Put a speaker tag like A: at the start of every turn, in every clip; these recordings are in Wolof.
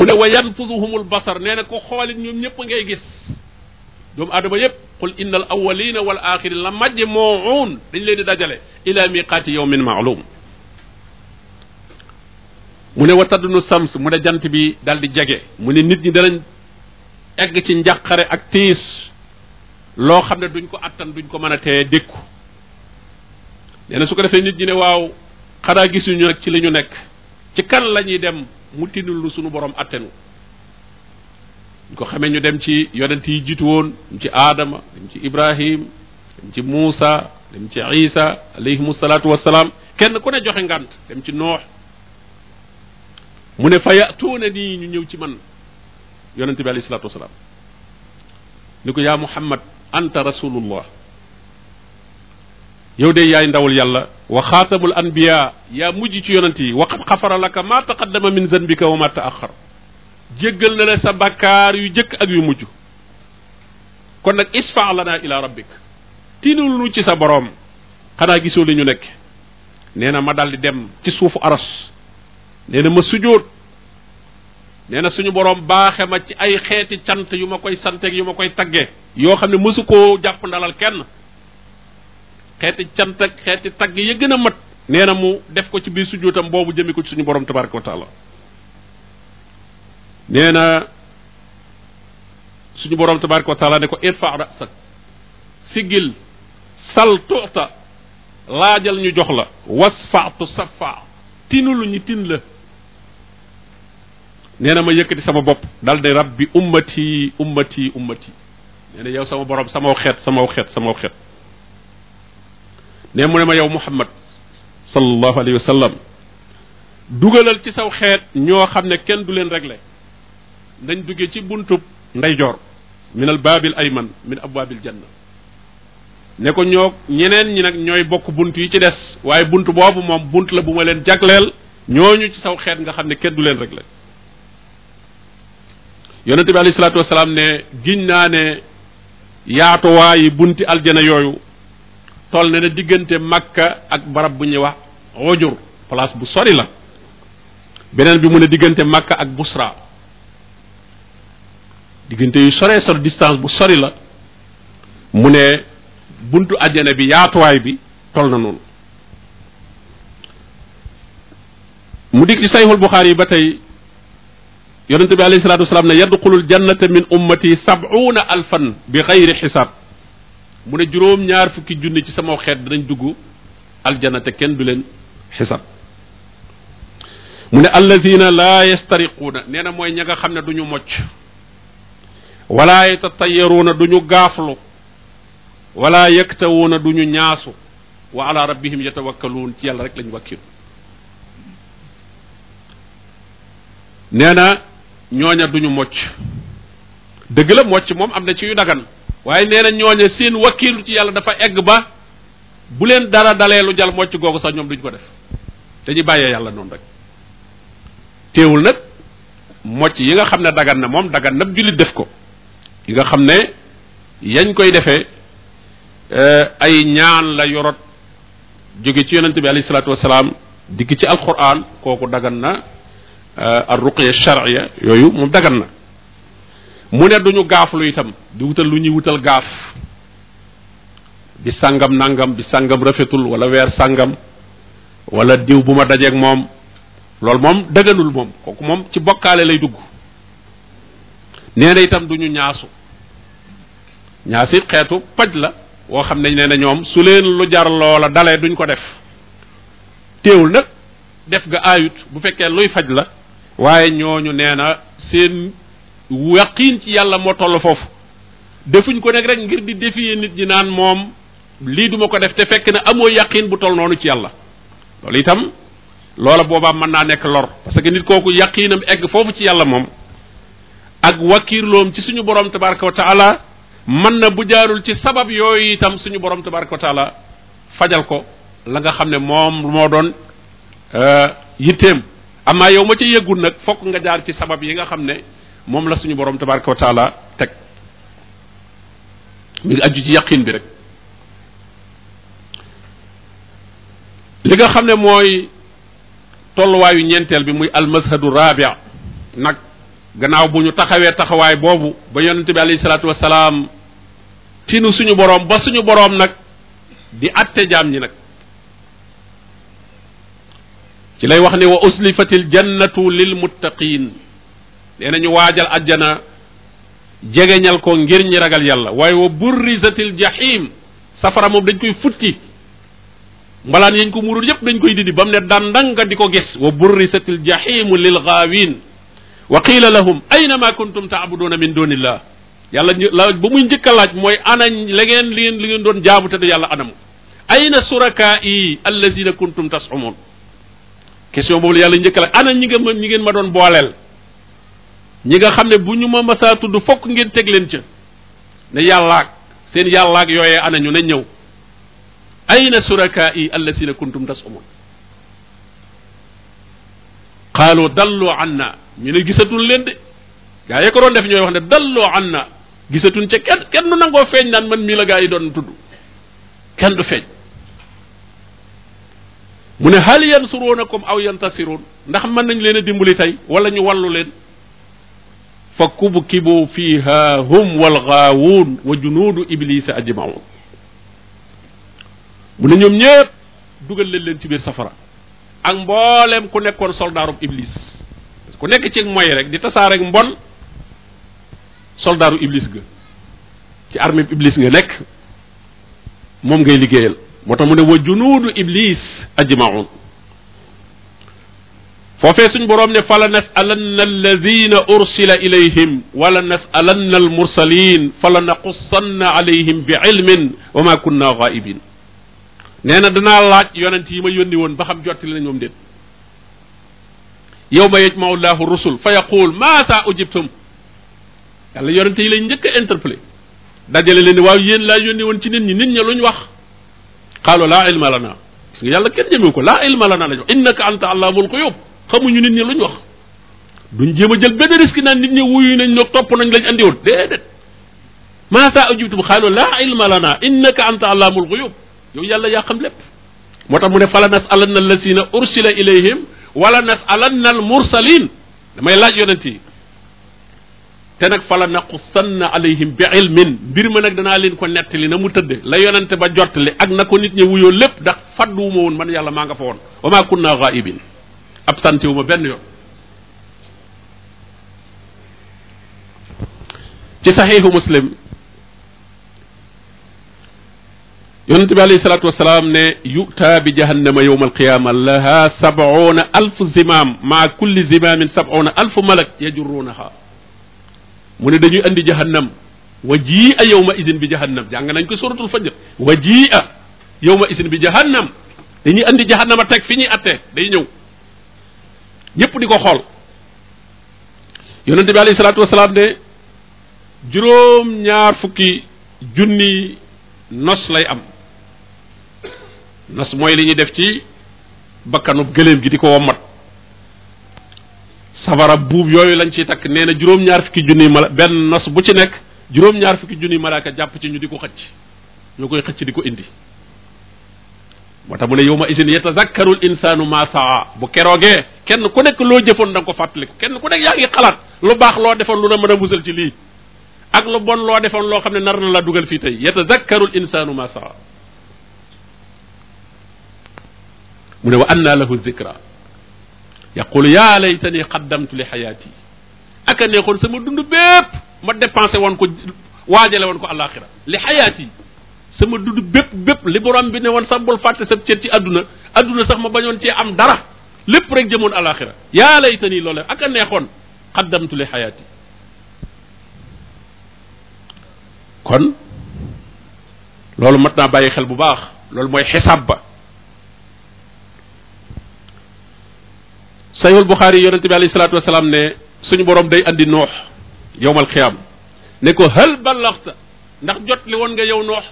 A: mu ne wa yanfuzuhumul basar nee na ko xoolit ñoom ñëpp ngay gis doomu aadama yëpp qul inna al awalina wal axirin la majmuun dañ leen di dajale ila miqaati yawmin maalum mu ne wa taddunu sams mu ne jant bi dal di jege mu ne nit ñi danañ egg ci njàqare ak tiis loo xam ne duñ ko attan duñ ko mën a tee dékku nee na su ko defee nit ñi ne waaw xanaa gisuñu nag ci li ñu nekk ci kan lañuy dem mu tinul sunu borom attenu ñu ko xamee ñu dem ci yonent yi jiitu woon dem ci aadama dem ci ibrahim dem ci muusa dem ci isa alayhimu salaatu wassalaam kenn ku ne joxe ngant dem ci noox mu ne fa yatuuna nii ñu ñëw ci man yonent bi alayhi salaatu wassalaam ni ko yaa muhammad anta rasulullah yow de yaay ndawul yàlla waxaatamul xaatamul anbiya yaa mujj ci yonent yi waqad xafara laka maa taqaddama min zanbika wa ma taaxar jéggal na la sa bakkaar yu jëkk ak yu mujj kon nag isfa lana ila rabbik tiinul nu ci sa boroom xanaa gisoo li ñu nekk nee na ma daldi dem ci suufu aras nee na ma sujjóot nee na suñu boroom baaxe ma ci ay xeeti cant yu ma koy santeeg yu ma koy tagge yoo xam ne mësu koo jàpp ndalal kenn xeeti cant xeeti tagg ya gën a mat nee na mu def ko ci biir sujjootam boobu jëmee ko ci suñu borom tabaraka wa taala nee na suñu borom tabaraka wa ne ko irfa rasak sigil sal tuuta laajal ñu jox la wasfa tu safa lu ñu tin la nee na ma yëkkati sama bopp dal ne rabbi ummati ummati ummati nee na yow sama borom sama xeet sama xeet sama xeet ne mu ne ma yow muhammad sallallahu alayhi wa sallam dugalal ci saw xeet ñoo xam ne kenn du leen regle dañ duggee ci buntub ndeyjoor min al baabil ayman min abwaabil janna ne ko ñoo ñeneen ñi nag ñooy bokk bunt yi ci des waaye bunt boobu moom bunt la bu ma leen jagleel ñooñu ci saw xeet nga xam ne kenn du leen réglé yonente bi alayhi salaatu wasalaam ne giñ naa ne yaatuwaayi bunti aljana yooyu toll ne diggante makka ak barab bu ñuy wax ujur place bu sori la beneen bi mu ne diggante makka ak busra diggante yu soree sori distance bu sori la mu ne buntu àjjana bi yaatuwaay bi toll na noonu mu dig ci sayxul buxaari yi ba tey yonente bi alayhi salatu wasalaam ne yadxulul jannata min ummati sabuuna alfan bi xayri xisaab mu ne juróom ñaar fukki junni ci sama xeet danañ dugg aljana te kenn du leen xisab mu ne allazina laa yastariquuna nee na mooy ña nga xam ne du ñu mocc wala yatatayaruuna duñu ñu gaaflu wala yaktawuuna du ñu ñaasu wa ala rabbihim yatawakkaluun ci yàlla rek lañu wàkkil nee ñooña duñu ñu mocc dëgg la mocc moom am na ci yu dagan waaye nee na ñooñe seen wakkiilu ci yàlla dafa egg ba bu leen dara dalee lu jal mocc googu sax ñoom duñ ko def dañuy bàyyee yàlla noonu rek teewul nag mocc yi nga xam ne daggan na moom dagan nag jullit def ko yi nga xam ne yañ koy defee eh, ay ñaan la yorot jóge ci yonente bi alayhi salaatu wasalaam dikk ci alquran kooku dagan na eh, ar ruqya charia yooyu moom dagan na mu ne duñu lu itam di wutal lu ñuy wutal gaaf bi sàngam nangam bi sàngam rafetul wala weer sàngam wala diw bu ma dajeek moom loolu moom dëgganul moom kooku moom ci bokkaale lay dugg nee itam duñu ñaasu ñaasi xeetu paj la woo xam ne nee na ñoom su leen lu jar loola dalee duñ ko def teewul nag def nga aayut bu fekkee luy faj la waaye ñooñu nee na seen yaqiin ci yàlla moo toll foofu defuñ ko nag rek ngir di défier nit ñi naan moom lii duma ko def te fekk na amoo yaqiin bu toll noonu ci yàlla loolu itam loola boobaa mën naa nekk lor parce que nit kooku yaqiinam egg foofu ci yàlla moom ak wakiirloom ci suñu borom tabaraka wa taala mën na bu jaarul ci sabab yooyu itam suñu borom tabaraka wa taala fajal ko la nga xam ne moom moo doon euh, yitteem amaa yow ma ca yëgul nag fokk nga jaar ci sabab yi nga xam ne moom la suñu borom tabaraka wa taala teg mi ngi aju ci yaqin bi rek li nga xam ne mooy tolluwaayu ñeenteel bi muy almashadu rabia nag gannaaw bu ñu taxawee taxawaay boobu ba yonente bi alayhi salaatu wasalaam tinu suñu boroom ba suñu boroom nag di atte jaam ñi nag ci lay wax ne wa uslifatil jannatu lil muttaqin nee nañu waajal ajjana jegeñal ko ngir ñi ragal yàlla waaye wa burrizatil jahim safara moom dañ koy futti mbalaan yañ ko muurul yépp dañ koy didi ba mu ne dandang nga di ko gis wa burrisatil jahimu lil gaawin wa qiila lahum ayna ma kuntum taabuduuna min dunillah yàlla laaj ba muy njëkk laaj mooy anañ la ngeen li ngeen li ngeen doon jaamu te de yàlla anam ayna surakaa i allazina kuntum tasumuun question boobu la yàlla njëkk a laaj anañ ñi ngeen ma ñi ngeen ma doon boolee ñi nga xam ne bu ñu ma masaa tudd fokk ngeen teg leen ca ne yàllaak seen yàllaak yooyee anañu nañ ñëw ayna si allasina kuntum tasumun qaalu dallu anna ñu ne gisatun leen de gaa yee ko doon def ñooy wax ne dallu anna gisatun ca kenn kenn du nangoo feeñ naan man mii la gaa yi doon tudd kenn du feeñ mu ne hal yansurunakum aw yantasiruun ndax mën nañ leen a dimbali tey wala ñu wallu leen fa kubkibu fiha hum walgaawuun wa junuudu iblisa ajmaun mu ne ñoom ñëpp dugal leen leen ci biir safara ak mbooleem ku nekkoon soldaaru iblis ku nekk ci moy rek di tasaa rek mbon soldaaru iblis ga ci armée iblis nga nekk moom ngay liggéeyal moo tax mu ne wa junuudu iblis ajmaun foofee suñ boroom ne fala nasalanna alladina ursila ilayhim wala nasalanna almursalin fala naqussanna alayhim bi ilmin wa ma kunna ghaibin nee na danaa laaj yonent yi ma yónni woon ba xam jottali nañ moom déet yawma yajmau llahu rusul fa yaqul maata ujibtum yàlla yonent yi lañ njëkk a interpellé dajale leen waaw yéen laa yónni woon ci nit ñi nit ñi luñ wax qaalu laa ilma lana parce que yàlla kenn jëmewu ko laa ilma lana la ñu innaka anta allamul xuyub xamuñu nit ñi luñ wax duñ jéem a jël benn risque naan nit ñi wuyu nañ ñoo topp nañ lañ andiwoon déedéet maa saa ujibtum xaalu laa ilma lana innaka anta allamul xuyub yow yàlla yaa xam lépp moo tax mu ne fala nas alanna na ursila ilayhim wala nas alanna al mursalin damay laaj yonent yi te nag fala naqussanna alayhim bi ilmin mbir ma nag danaa leen ko nettali na mu tëdde la yonente ba jottali ak na ko nit ñi wuyoo lépp ndax fadduwuma woon man yàlla maa nga fa woon wa maa kunna absenté wu ma benn yoon ci saxiixu muslim yonente bi alayhi ne yu'taa bi jahannama yowma alqiyaama laha sabuuna alf zimaam maa kulli zimaamin sabuuna alf malak yajurruunaha mu ne dañuy andi jahannam wa jii'a yowma isin bi jahannam jàng nañ ko suratul fajr wa jii'a yowma isin bi jahannam dañuy andi jahannama teg fi ñuy attee day ñëw ñépp di ko xool yonente bi alayhi salaatu ne juróom ñaar fukki junni nos lay am nos mooy li ñuy def ci bakkanub gëléem gi di ko wommat safara buub yooyu lañ ciy takk nee na juróom-ñaar fukki junniy mala benn nos bu ci nekk juróom-ñaar fukki junniy malaaka jàpp ci ñu di ko xëcc ñoo koy xëcc di ko indi moo mu ne yow ma isin yatazakkaru l insaanu ma saa bu keroogee kenn ku nekk loo jëfoon da nga ko fàttaliku kenn ku nekk yaa ngi xalaat lu baax loo defoon lu la mën a musal ci lii ak lu bon loo defoon loo xam ne nar na la dugal fii tey yatazakkaru l insanu ma saa mu ne wa anna lahu zikra yaqulu yaa laytani qaddamtu li xayaati dund bépp ma dépensé woon ko waajale woon ko alaxira li xayaati sama dund bépp bépp li borom bi ne woon sax bul fàtte sa cër ci adduna adduna sax ma bañoon cee am dara lépp rek jëmoon alaxira yaa layta loole ak a neexoon xaddamtu li xayaati kon loolu mat naa bàyyi xel bu baax loolu mooy xisaab ba sayxul buxaari yonente bi alayhi salaatu wasalaam suñu borom day andi noox yowmal ko hal ballaxta ndax jot li woon nga yow noox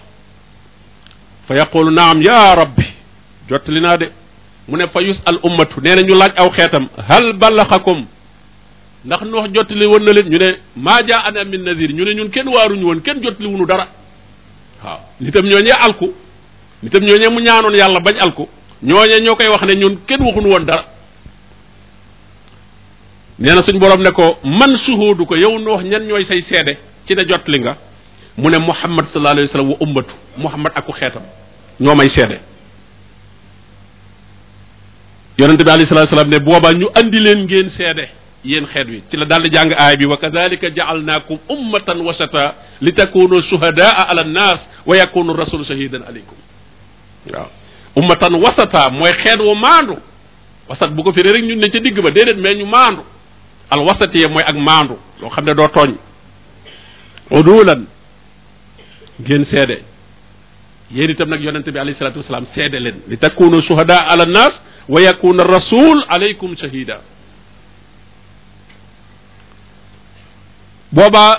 A: fa yaqulu naam yaa rabbi jot li naa de mu ne fa yus al ummatu nee na ñu laaj aw xeetam hal ballaxakum ndax noox jottali woon na leen ñu ne maa jaa ana min nazir ñu ne ñun kenn waaruñu woon kenn jottali wunu dara waaw nitam ñooñee alku nitam ñooñee mu ñaanoon yàlla bañ alku ñooñee ñoo koy wax ne ñun kenn waxuñu woon dara nee na suñ borom ne ko man suhuudu ko yow noox ñan ñooy say seede ci ne jottali nga mu ne muhammad sallallahu alayhi wa sallam wa ummatu muhammad ak xeetam ñoo may seede yonente bi alayhi salaatu salaam ne boobaa ñu andi leen ngeen seede yéen xeet wi ci la daal di jàng aay bi wa kadalika jaalnaakum ummatan wasata li takunu shuhadaa ala nnaas wa yakunu rasulu shahidan aleykum waaw ummatan wasata mooy xeet wa maandu wasat bu ko firee rek ñun ne ca digg ba déedéet mais ñu maandu al wasatiya mooy ak maandu loo xam ne doo tooñ udulan ngeen seede yéen itam nag yonente bi alayhi salaatu wasalaam seede leen li takunu shuhadaa ala nnaas wa yakuna rasul alaykum shahida boobaa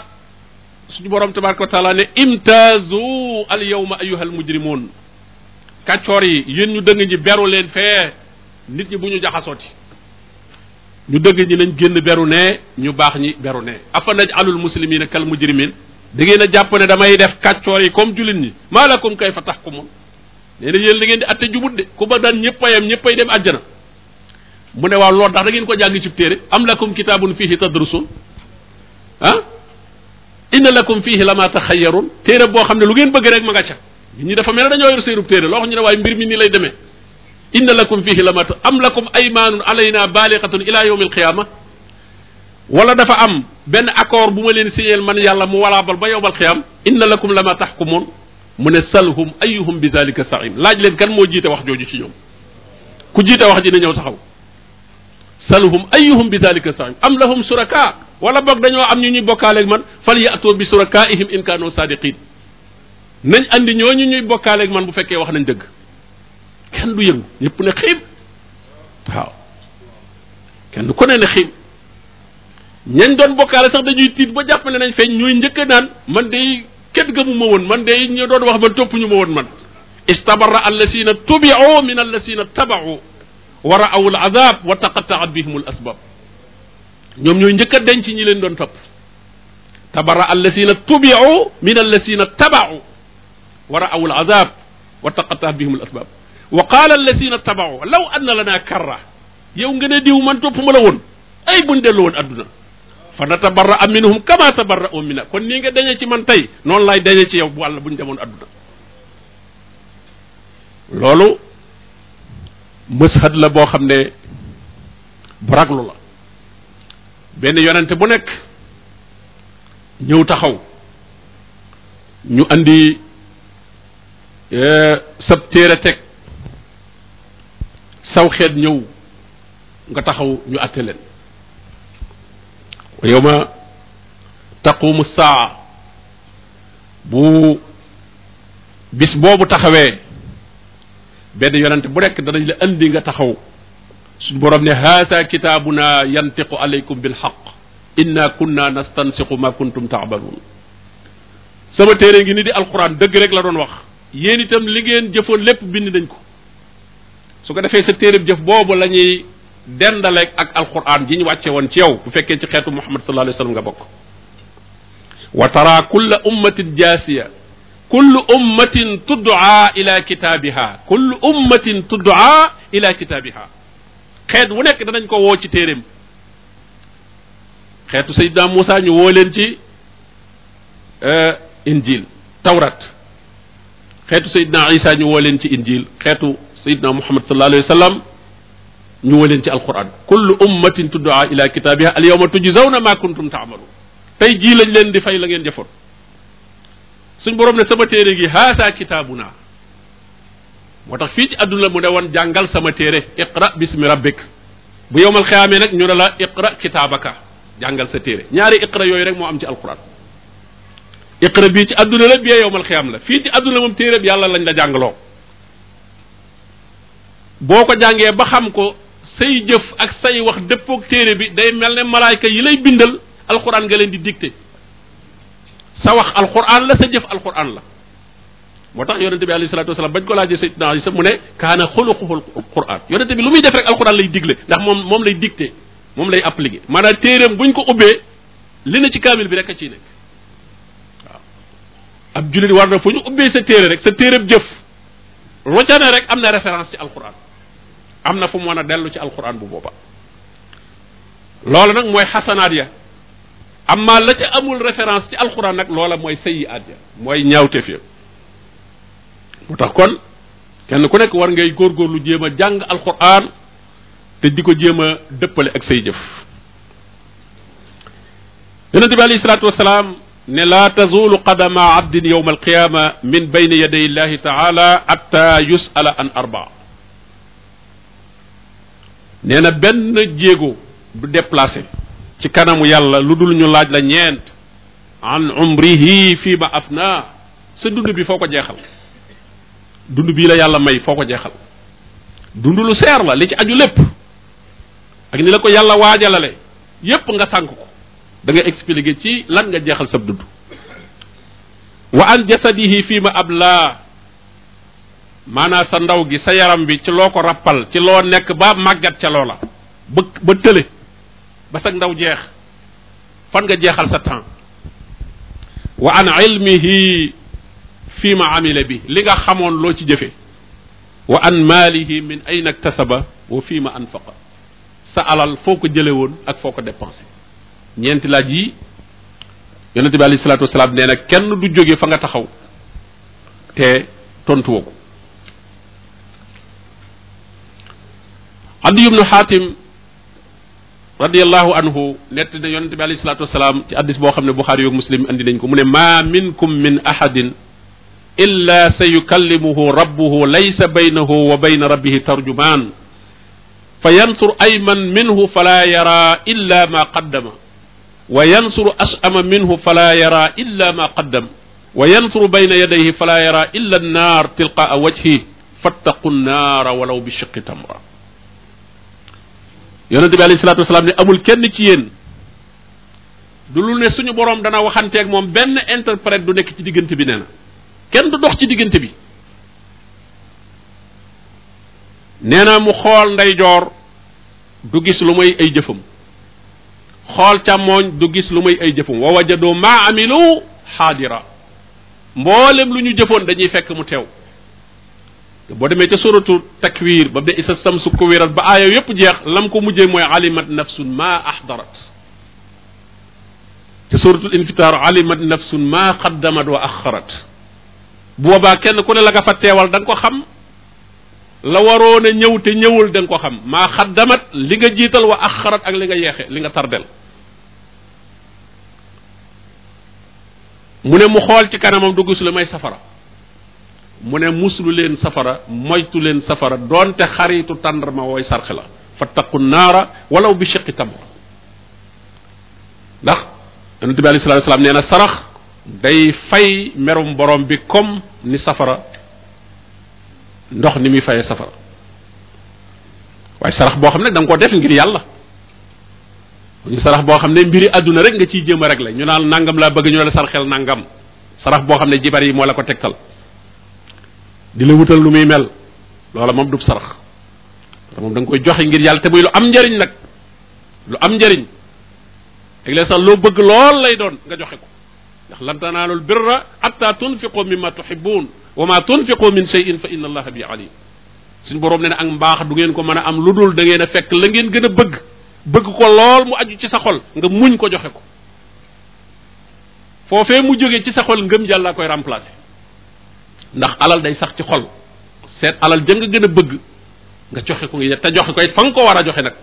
A: suñu borom tabaraka wa taala ne imtaazu al yawma ayyuhal mujrimun kàccoor yi yéen ñu dëng ñi beru leen fee nit ñi bu ñu jaxasooti ñu dëgg ñi nañ génn beru ne ñu baax ñi beru ne afa naj alul muslimina kal mujrimin da ngeen a jàpp ne damay def kàccoor yi comme jullit ñi maa lakum kayfa tahkumun nee na yéen da ngeen di atte jubut de ku ba daan ñëpp ayam ñëppay dem àjjana mu ne waaw loolu ndax dangeen ko jàng cib téere am lakum kitaabun fiihi tadrusun ah inna lakum fiihi lama taxayyarun téere boo xam ne lu ngeen bëgg rek ma nga ca nit ñi dafa mel ne dañoo yor séerub téere loo xam ñu ne waaye mbir mi nii lay demee inna lakum fiihi lama am lakum aymaanun alayna baaliqatun ila yawmi alqiyama wala dafa am benn accord bu ma leen signeel man yàlla mu walaabal ba yowmal qiyam inna lakum lama taxkumun mu ne salhum ayuhum bi zalika saim laaj leen kan moo jiite wax jooju ci ñoom ku jiite wax ji na ñëw taxaw salhum ayuhum bi zalika saim am lahum suraka wala boog dañoo am ñu ñuy bokkaaleeg man fal yaatoo bi surakaihim in kaanoo sadiqin nañ andi ñooñu ñuy bokkaaleeg man bu fekkee wax nañ dëgg kenn du yëngu ñëpp ne xiim waaw kenn ku ne ne xiim ñañ doon bokkaale sax dañuy tiit ba jàpp nañ feeñ ñooy njëkk naan man day kenn gëmuma woon man de ñu doon wax ba topp ñu ma woon man istabara allasina tubiu min allasina tabaau wa raaw al azab wa taqataat bihim al asbab ñoom ñooy njëkk a denc ñi leen doon topp tabara allasina tubiu min allasina tabaau wa raaw al azab wa taqataat bihim al asbab wa qaala allasina tabaau law anna lana karra yow nga ne diw man topp ma la woon ay buñ dellu woon adduna fa natabarra minhum kama tabarra'u minna kon nii nga dañe ci man tey noonu laay dañe ci yow bu wàlla bu ñu demoon adduna loolu mashad la boo xam ne bu raglu la benn yonente bu nekk ñëw taxaw ñu andi e, sab téere teg saw xeet ñëw nga taxaw ñu atte leen wa yawma taqumu saa bu bis boobu taxawee benn yonent bu nekk danañ la andi nga taxaw suñ borom ne haasa kitaabuna yantiqu alaykum bil xaq inna kunna nastansiqu ma kuntum taamaluun sama téere ngi ni di alquran dëgg rek la doon wax yéen itam li ngeen jëfoon lépp bind nañ ko su ko defee sa téereb jëf boobu la ñuy dendaleeg ak alquran ji ñu wàcce woon ci yow bu fekkee ci xeetu muhammad sallallahu alayhi wasallam nga bokk wa tara kulla ummatin jaasiya kullu ummatin tuddaa ila kitaabiha kullu ummatin tuddaa ila kitaabiha xeet wu nekk danañ ko woo ci téeréem xeetu sayyidina Muusa ñu woo leen ci euh, injil tawrat xeetu sayyidina Isa ñu woo leen ci injil xeetu sayyidina Muhammad sallallahu alayhi wa sallam ñu waleen ci alquran kullu ummatin tuddaa ila kitaabiha al yawma tujzawna ma kuntum taamalu tey jii lañ leen di fay la ngeen jëfoon suñ borom ne sama téere gi haasa kitaabuna moo tax fii ci àdduna mu ne woon jàngal sama téere iqra bismi rabbik bu yowmal xiyaamee nag ñu ne la iqra kitaabaka jàngal sa téere ñaari iqra yooyu rek moo am ci alquran iqra bii ci àdduna la bee yowmal xiyaam la fii ci àdduna moom téere bi yàlla lañ la jàngaloo boo ko jàngee ba xam ko say jëf ak say wax dëppook téere bi day mel ne malaayka yi lay bindal alxuraan nga leen di dicté sa wax alxuraan la sa jëf alxuraan la moo tax yonente bi alayhi salatu wasalam bañ ko laajee sayyidina Isa mu ne kaana xuluquhu alquran yonente bi lu muy def rek alquran lay digle ndax moom moom lay dicté moom lay appliqué maanaam téereem ñu ko ubbee li na ci kaamil bi rekk a ciy nekk war na fu ñu ubbee sa téere rek sa téereem jëf rocane rek am na référence ci alquran am na fu mu mën a dellu ci alquran bu booba loolu nag mooy xasanaat ya amma la ca amul référence ci alquran nag loola mooy sayyi'aat ya mooy ñaawteef ya mu tax kon kenn ku nekk war ngay góorgóorlu jéem a jàng alquran te di ko jéem a dëppale ak say jëf yonente bi alayhi salaatu wasalaam ne laa tazulu qadama abdin yowma alqiyama min bayni yaday illahi taala hatta yusala an arbaa nee na benn jéego du déplacé ci kanamu yàlla lu dul ñu laaj la ñeent an umrihi fii ma afna sa dund bi foo ko jeexal dund bii la yàlla may foo ko jeexal dund lu seer la li ci aju lépp ak ni la ko yàlla waajalale yépp nga sànk ko da nga ci lan nga jeexal sab dund wa an jasadihi fii ma abla maanaa sa ndaw gi sa yaram bi ci loo ko rappal ci loo nekk ba màggat ca loola ba ba ba sag ndaw jeex fan nga jeexal sa temps wa an ilmihi fi ma amila bi li nga xamoon loo ci jëfe wa an maalihi min ayna ba wa fi ma anfaqa sa alal foo ko jële woon ak foo ko dépensé ñeenti laaj yi yonente bi alayhi salaatu wasalaam nee kenn du jóge fa nga taxaw te tontuwa ko Adiy ibnu Xaatim radiallahu anhu nett na yonente bi alayhi salatu wasalaam ci addis boo xam ne Buxaari yoog Muslim andi nañ ko mu ne ma minkum min ahadin illa sa yukallimuhu rabbuhu laysa baynahu wa bayna rabbihi tarjumaan fa yansur ayman minhu fala yara illa ma qaddama wa yansur ashama minhu fala yara illa ma qaddam wa yansur bayna yadayhi fala yara illa annaar tilqaa wajhi fattaqu nnaara walaw bi shiqi tamra yonente bi alayhi salaatu wasalaam ne amul kenn ci yéen du lu ne suñu borom dana waxanteeg moom benn interprète du nekk ci diggante bi nee na kenn du dox ci diggante bi nee na mu xool ndeyjoor du gis lu may ay jëfam xool càmmooñ du gis lu may ay jëfam wa wajadu ma amilu xaadira mboolem lu ñu jëfoon dañuy fekk mu teew boo demee ca suratu takwir ba mu ne isa samsu kuwirat ba aaya yépp jeex lam ko mujjee mooy alimat nafsun ma ahdarat ca suratul infitaar alimat nafsun ma qaddamat wa axarat boobaa kenn ku ne la nga fa teewal da ko xam la waroon a ñëw te ñëwul da nga ko xam maa xaddamat li nga jiital wa axarat ak li nga yeexe li nga tardel mu ne mu xool ci kanamam dugg su la may safara mu ne muslu leen safara moytu leen safara doonte xaritu tàndarma wooy sarx la fattaqu naara walaw bi shiqi ndax yonente bi alei salatu nee na sarax day fay merum borom bi comme ni safara ndox ni muy fayee safara waaye sarax boo xam ne da nga koo def ngir yàlla ñu sarax boo xam ne mbiri àdduna rek nga ciy jéem a rek la ñu naan nangam laa bëgg ñu ne la sarxel nangam sarax boo xam ne jibar yi moo la ko tegtal dina la wutal lu muy mel loola moom du sarax moom da koy joxe ngir yàlla te muy lu am njariñ nag lu am njariñ léeg-léeg sax loo bëgg lool lay doon nga joxe ko ndax lan tanaalul birra hatta tunfiqu mimma tuhibbun wa ma tunfiqu min shay'in fa inna allaha bi alim suñu boroom ne ne ak mbaax du ngeen ko mën a am lu dul da ngeen a fekk la ngeen gën a bëgg bëgg ko lool mu aju ci sa xol nga muñ ko joxe ko foofee mu jógee ci sa xol ngëm yàlla koy remplacer ndax alal day sax ci xol seet alal jën nga gën a bëgg nga joxe ko ngi te joxe koy it fa nga ko war a joxe nag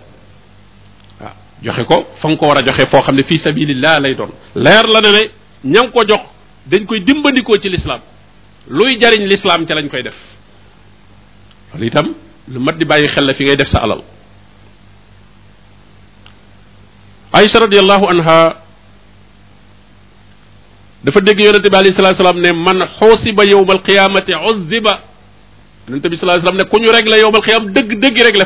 A: joxe ko fa nga ko war a joxe foo xam ne fii sabilillah lay doon leer la ne ne ña ngi ko jox dañ koy dimbandikoo ci lislaam luy jariñ lislaam ca lañ koy def loolu itam lu mat di bàyyi xel la fi ngay def sa alal Aïcha radiyallahu anha dafa dégg yonente bi alayhi salatu salaam ne man xuusiba yowmal qiyaamati uzziba yonente bi salatu salaam ne ku ñu réglé yowmal qiyaam dëgg dëgg réglé la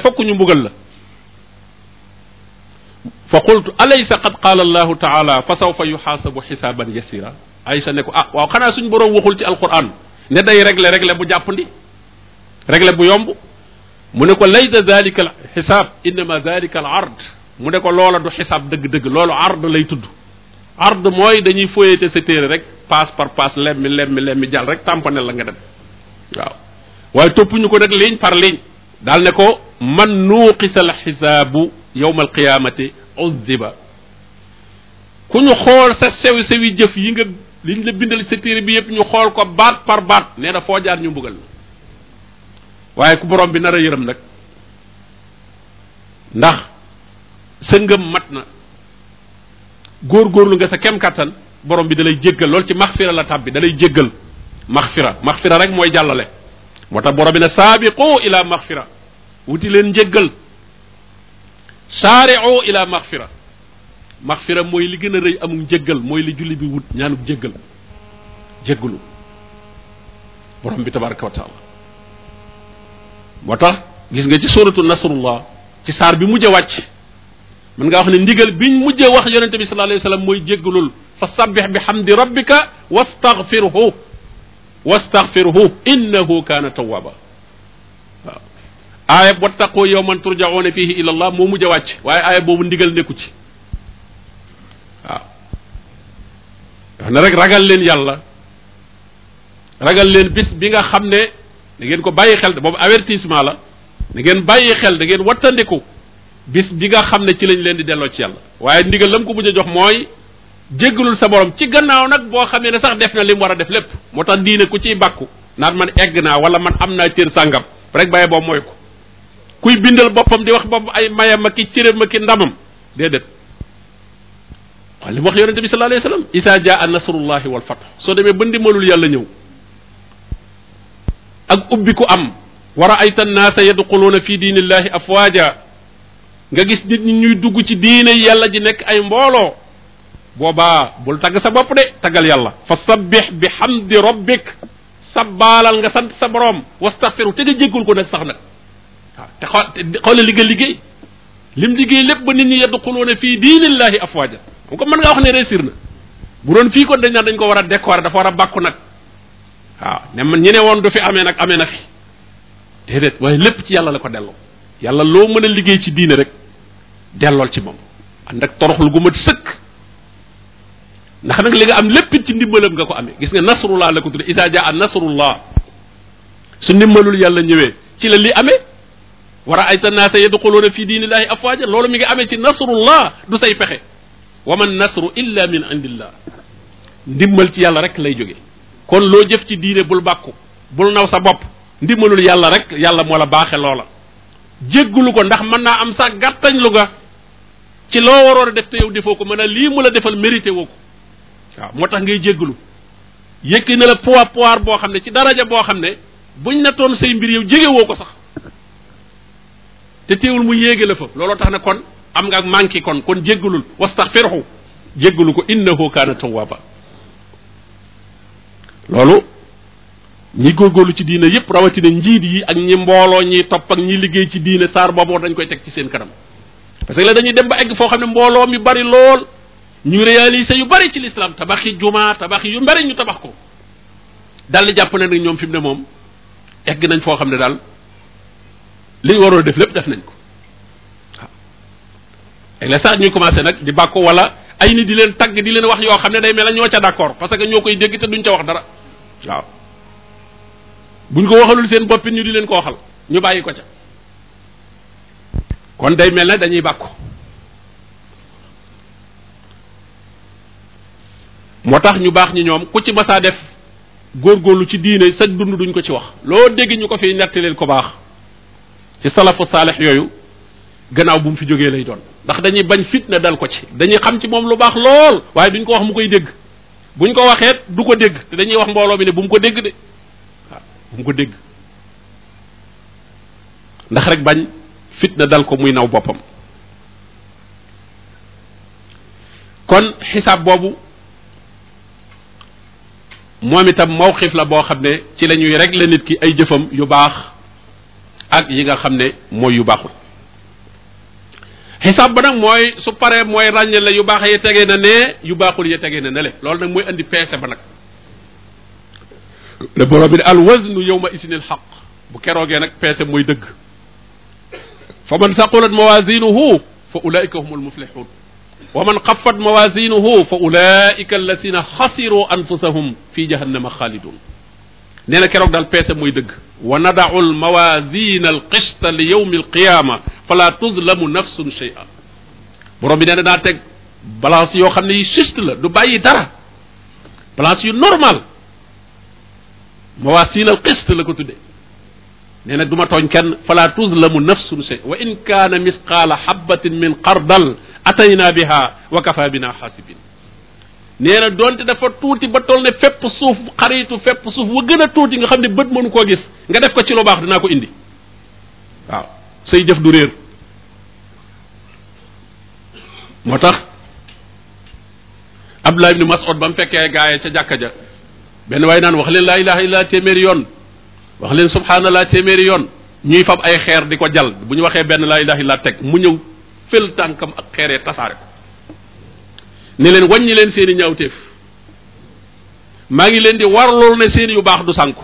A: fa qultu alaysa qad qaala allahu taala fa sawfa yuxaasabu xisaaban yasira aysa ne ko ah waaw xanaa suñ boroom waxul ci alquran ne day réglé réglé bu jàppandi réglé bu yomb mu ne ko laysa dalika al xisaab innama dalika al ard mu ne ko loola du dëgg-dëgg loolu ard lay tudd ard mooy dañuy foyeete sa téere rek passe par passe lemmi lemmi lemmi jàll rek tampanel la nga dem waaw waaye toppuñu ko nag ligne par ligne daal ne ko man nuuqisal xisaabu yowma alqiyamati uzziba ku ñu xool sa sew sewi jëf yi nga liñ la bindal sa téere bi yëpp ñu xool ko baat par baat nee na foo jaar ñu mbugal la waaye ku borom bi nara yërëm nag ndax sa ngëm mat na góorgóorlu nga sa kem kàttan borom bi dalay lay jéggal loolu ci maxfira la tàbbi da lay jéggal maxfira maxfira rek mooy jàllale moo tax borom bi ne saabiqu ila maxfira wuti leen njéggal saari'u ila maxfira maxfira mooy li gën a rëy amum njéggal mooy li julli bi wut ñaanuk jéggal jéggalu borom bi tabaraka wa taala moo tax gis nga ci suratu nasrullah ci saar bi mujj a wàcc mën ngaa wax ne ndigal biñ mujjee wax yonente bi sallallahu alayhi wasallam mooy jéggalul fa sabbih bi hamdi rabbika wastaghfirhu wastaghfirhu innahu kaana tawwaba waaw aaya wattaqu yawman turja'una fihi ila allah moo mujj a wàcc waaye aaya boobu ndigal nekku ci waaw wax na rek ragal leen yàlla ragal leen bis bi nga xam ne da ngeen ko bàyyi xel boobu avertissement la da ngeen bàyyi xel da ngeen wattandiku bis bi nga xam ne ci lañ leen di delloo ci yàlla waaye ndigal lam ko mujj a jox mooy jéggalul sa borom ci gannaaw nag boo xamee ne sax def na lim war a def lépp moo tax diine ku ciy bàkku naan man egg naa wala man am naa cër sàngam rek bàyyi boobu mooy ko kuy bindal boppam di wax boppam ay mayam ak i cëram ak i ndamam déedéet waaye li mu wax yonente bi sallallahu alayhi wasallam isa jaa nasrullahi wal fath soo demee ba ndimbalul yàlla ñëw ak ubbi ku am wa raayta annaasa yadxuluuna fi diinillahi afwaaja nga gis nit ñi ñuy dugg ci diine yàlla ji nekk ay mbooloo boobaa bul tagg sa bopp de taggal yàlla fa sabbih bi hamdi rabbik sabbaalal nga sant sa borom wastaghfiru te nga jéggul ko nag sax nag waaw te xoolal li nga liggéey lim liggéey lépp ba nit ñi yadxuluuna fii diinillahi afwaaja moom ko mën ngaa wax ne réussir na bu doon fii ko dañ naan dañ ko war a décorer dafa war a bàkku nag waaw ne man ñi woon du fi amee nag amee na fi déedéet waaye lépp ci yàlla la ko delloo yàlla loo mën a liggéey ci diine rek dellool ci moom ànd ak toroxlu gu mat sëkk ndax nag li nga am lépp ci ndimbalam nga ko amee gis nga nasrullah la ko tudde isa jaa nasrullah su ndimbalul yàlla ñëwee ci la li amee war a ayta naasa yadxuluuna fi diinillahi afwaaja loolu mi ngi amee ci nasrullah du say pexe wa ma nasru illa min indillah ndimbal ci yàlla rek lay jóge kon loo jëf ci diine bul bàkku bul naw sa bopp ndimbalul yàlla rek yàlla moo la baaxe loola jéggulu ko ndax mën naa am sax gàttañ lu nga ci loo waroon a def te yow defoo ko mën a lii mu la defal mérité woo ko waaw moo tax ngay jéggalu yëkki na la poids poids boo xam ne ci daraja boo xam ne buñ nattoon say mbir yow jege woo ko sax te teewul mu yéege la fa looloo tax ne kon am nga ak kon kon kon jéggalul wastaxfirhu jéggalu ko innahu kaana ba loolu ñi góorgóorlu ci diine yépp rawatina njiit yi ak ñi mbooloo ñiy topp ak ñi liggéey ci diine saar booboo dañ koy teg ci seen kanam parce que la dañuy dem ba egg foo xam ne mbooloo mi bari lool ñu réaliser yu bari ci l'islam tabaxi juma tabaxi yu bari ñu tabax ko dal di jàpp ne nag ñoom fi mu ne moom egg nañ foo xam ne daal li ñu def lépp def nañ ko waaw léegi la sax ñuy commencé nag di bàkko wala ay ni di leen tagg di leen wax yoo xam ne day mel ne ñoo ca d'accord parce que ñoo koy dégg te duñ ca wax dara waaw buñ ko waxalul seen boppin ñu di leen ko waxal ñu bàyyi ko ca kon day mel na dañuy bàkku moo tax ñu baax ñi ñoom ku ci masaa def góor góorgóorlu ci diine sag dund duñ ko ci wax loo dégg ñu ko fiy nettaleel ko baax ci salafu saalix yooyu gannaaw bu mu fi jógee lay doon ndax dañuy bañ fitna dal ko ci dañuy xam ci moom lu baax lool waaye duñ ko wax mu koy dégg buñ ko waxee du ko dégg te dañuy wax mbooloo mi ne bu mu ko dégg de bu mu ko dégg ndax rek bañ fitna dal ko muy naw boppam kon xisaab boobu moom itam mawxif la boo xam ne ci la ñuy régler nit ki ay jëfam yu baax ak yi nga xam ne mooy yu baaxul xisaab ba nag mooy su paree mooy ràññe yu baax yi tegee na ne yu baaxul yi tegee na ne le loolu nag mooy indi peese ba nag le borom bi ne al waznu yawma isinil xaq bu keroogee nag peese mooy dëgg fa man saqulat mawazinuhu fa ulaika hum almuflixun wa man xafat mawazinuhu fa ulaika alladina xasiru anfusahum fi jahannama xaalidun nee na keroog daal peese mooy dëgg wa nadacu almawazina alqista li yowmi alqiyama fala tuzlamu nafsun shay'a borom bi nee na daa teg balance yoo xam ne yi juste la du bàyyi dara balance yu normal mawasin al qist la ko tuddee nee na du ma tooñ kenn fala tuzlamu nafsun shay wa in kaana misqaala xabatin min xardal atayna biha wa kafa bina xaasibin nee na doonte dafa tuuti ba toll ne fépp suuf xaritu fépp suuf wa gën a tuuti nga xam ne bët mënu koo gis nga def ko ci lu baax dinaa ko indi waaw say jëf du réer moo tax Abdullah ibni Mas'ud ba mu fekkee gaaya ca jàkka ja benn waaye naan wax leen laa ilaha illa téeméeri yoon wax leen subhaanallah téeméeri yoon ñuy fab ay xeer di ko jal bu ñu waxee benn laa ilaha illa teg mu ñëw fël tànkam ak xeeree tasaare ko ne leen wàññi leen seen i ñaawteef maa ngi leen di war warlool ne seen yu baax du sànku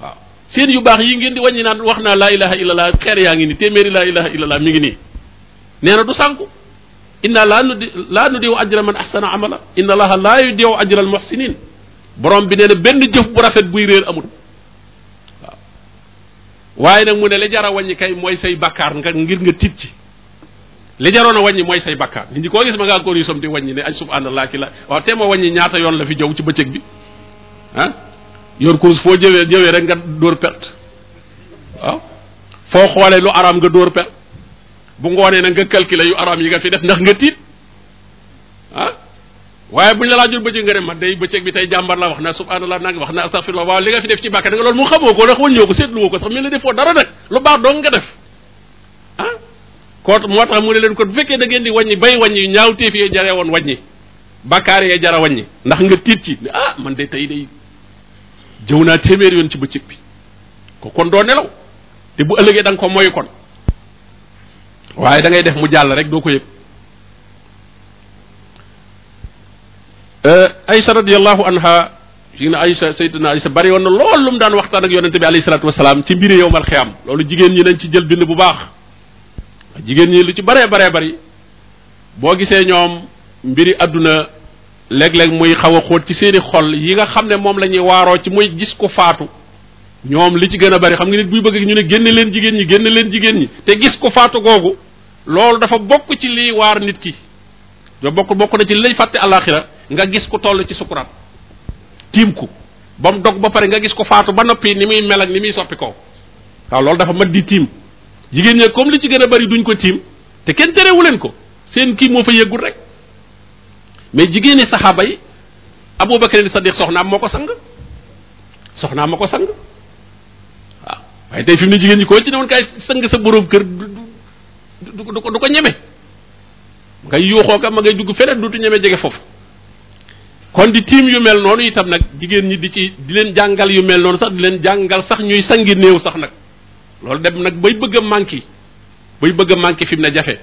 A: waaw yu baax yi ngeen di wàññi naan wax naa laa ilaha illallah xeer yaa ngi nii téeméeri laa ilaha illallah mi ngi nii nee na du sànku inna laa nu di laa nu diw ajra man ahsana amala inna allaha laa yu diw ajra al muhsinin borom bi nee na benn jëf bu rafet buy réer amul waaye nag mu ne li jar a kay mooy say bakkaar nga ngir nga tiit ci li jaroon a wàññi mooy say bakkaar nit ñi koo gis ma ngaa góor yu som di wàññi ne ay subhanallah ki la waaw te ma waññi ñaata yoon la fi jëw ci bëccëg bi ah kurus foo jëwee jëwee rek nga dóor perte foo xoolee lu araam nga dóor perte bu ngoonee nag nga calculer yu araam yi nga fi def ndax nga tiit ah waaye buñ la laajul bëccëg nga ne man day bëccëg bi tey jàmbar la wax na subhanallah nag wax na astaghfirullah waaw li nga fi def ci bàkkaar nga loolu mu xamoo ko ndax wëññoo ko seetluwoo ko sax mel ni defoo dara nag lu baax dong ah? mu ne leen ko bu da ngeen di wàññi bay wàññi ñaaw téef yee jaree woon wàññi bàkkaar yee jara wàññi ndax nga tiit ci ah man de tey day jëw naa téeméer yoon ci bëccëg bi ko kon doo nelaw te bu ëllëgee danga ko moy kon waaye da ngay def mu jàll rek doo ko yëpp Euh, Aysa radiallahu anha si na Aysa sayyidina Aysa bari woon na loolu mu daan waxtaan ak yonente bi alayhi salaatu wasalaam ci mbiri yowmal xiyaam loolu jigéen ñi nañ ci jël bind bu baax jigéen ñi lu ci baree baree bari boo gisee ñoom mbiri àdduna léeg-léeg muy xaw a xóot ci seeni xol yi nga xam ne moom la ñuy waaroo ci muy gis ko faatu ñoom li ci gën a bari xam nga nit buy bëgg ñu ne génn leen jigéen ñi génn leen jigéen ñi te gis ko faatu googu loolu dafa bokk ci liy waar nit ki yo bokk bokk na ci lay fàtte àllaaxira nga gis ku toll ci sukuraat tiim ko ba mu dog ba pare nga gis ko faatu ba noppi ni muy mel ni muy soppi ko waaw loolu dafa mat di tiim jigéen ñi comme li ci gën a bari duñ ko tiim te kenn terewu leen ko seen kii moo fa yëggul rek mais jigéeni saxaaba yi Abubakar Sadiq soxnaam moo ko sang soxnaam moo ko sang waaw waaye tey fi mu ne jigéen ñi ko ci ne woon kaay sang sa boroom kër du ko du ko ñeme nga yuuxoo ka ma ngay dugg feneen duutu ñeme jege foofu kon di tiim yu mel noonu itam nag jigéen ñi di ci di leen jàngal yu mel noonu sax di leen jàngal sax ñuy sangi néew sax nag loolu dem nag bay bëgg a manqué bay bëgg a manqué fi mu ne jafe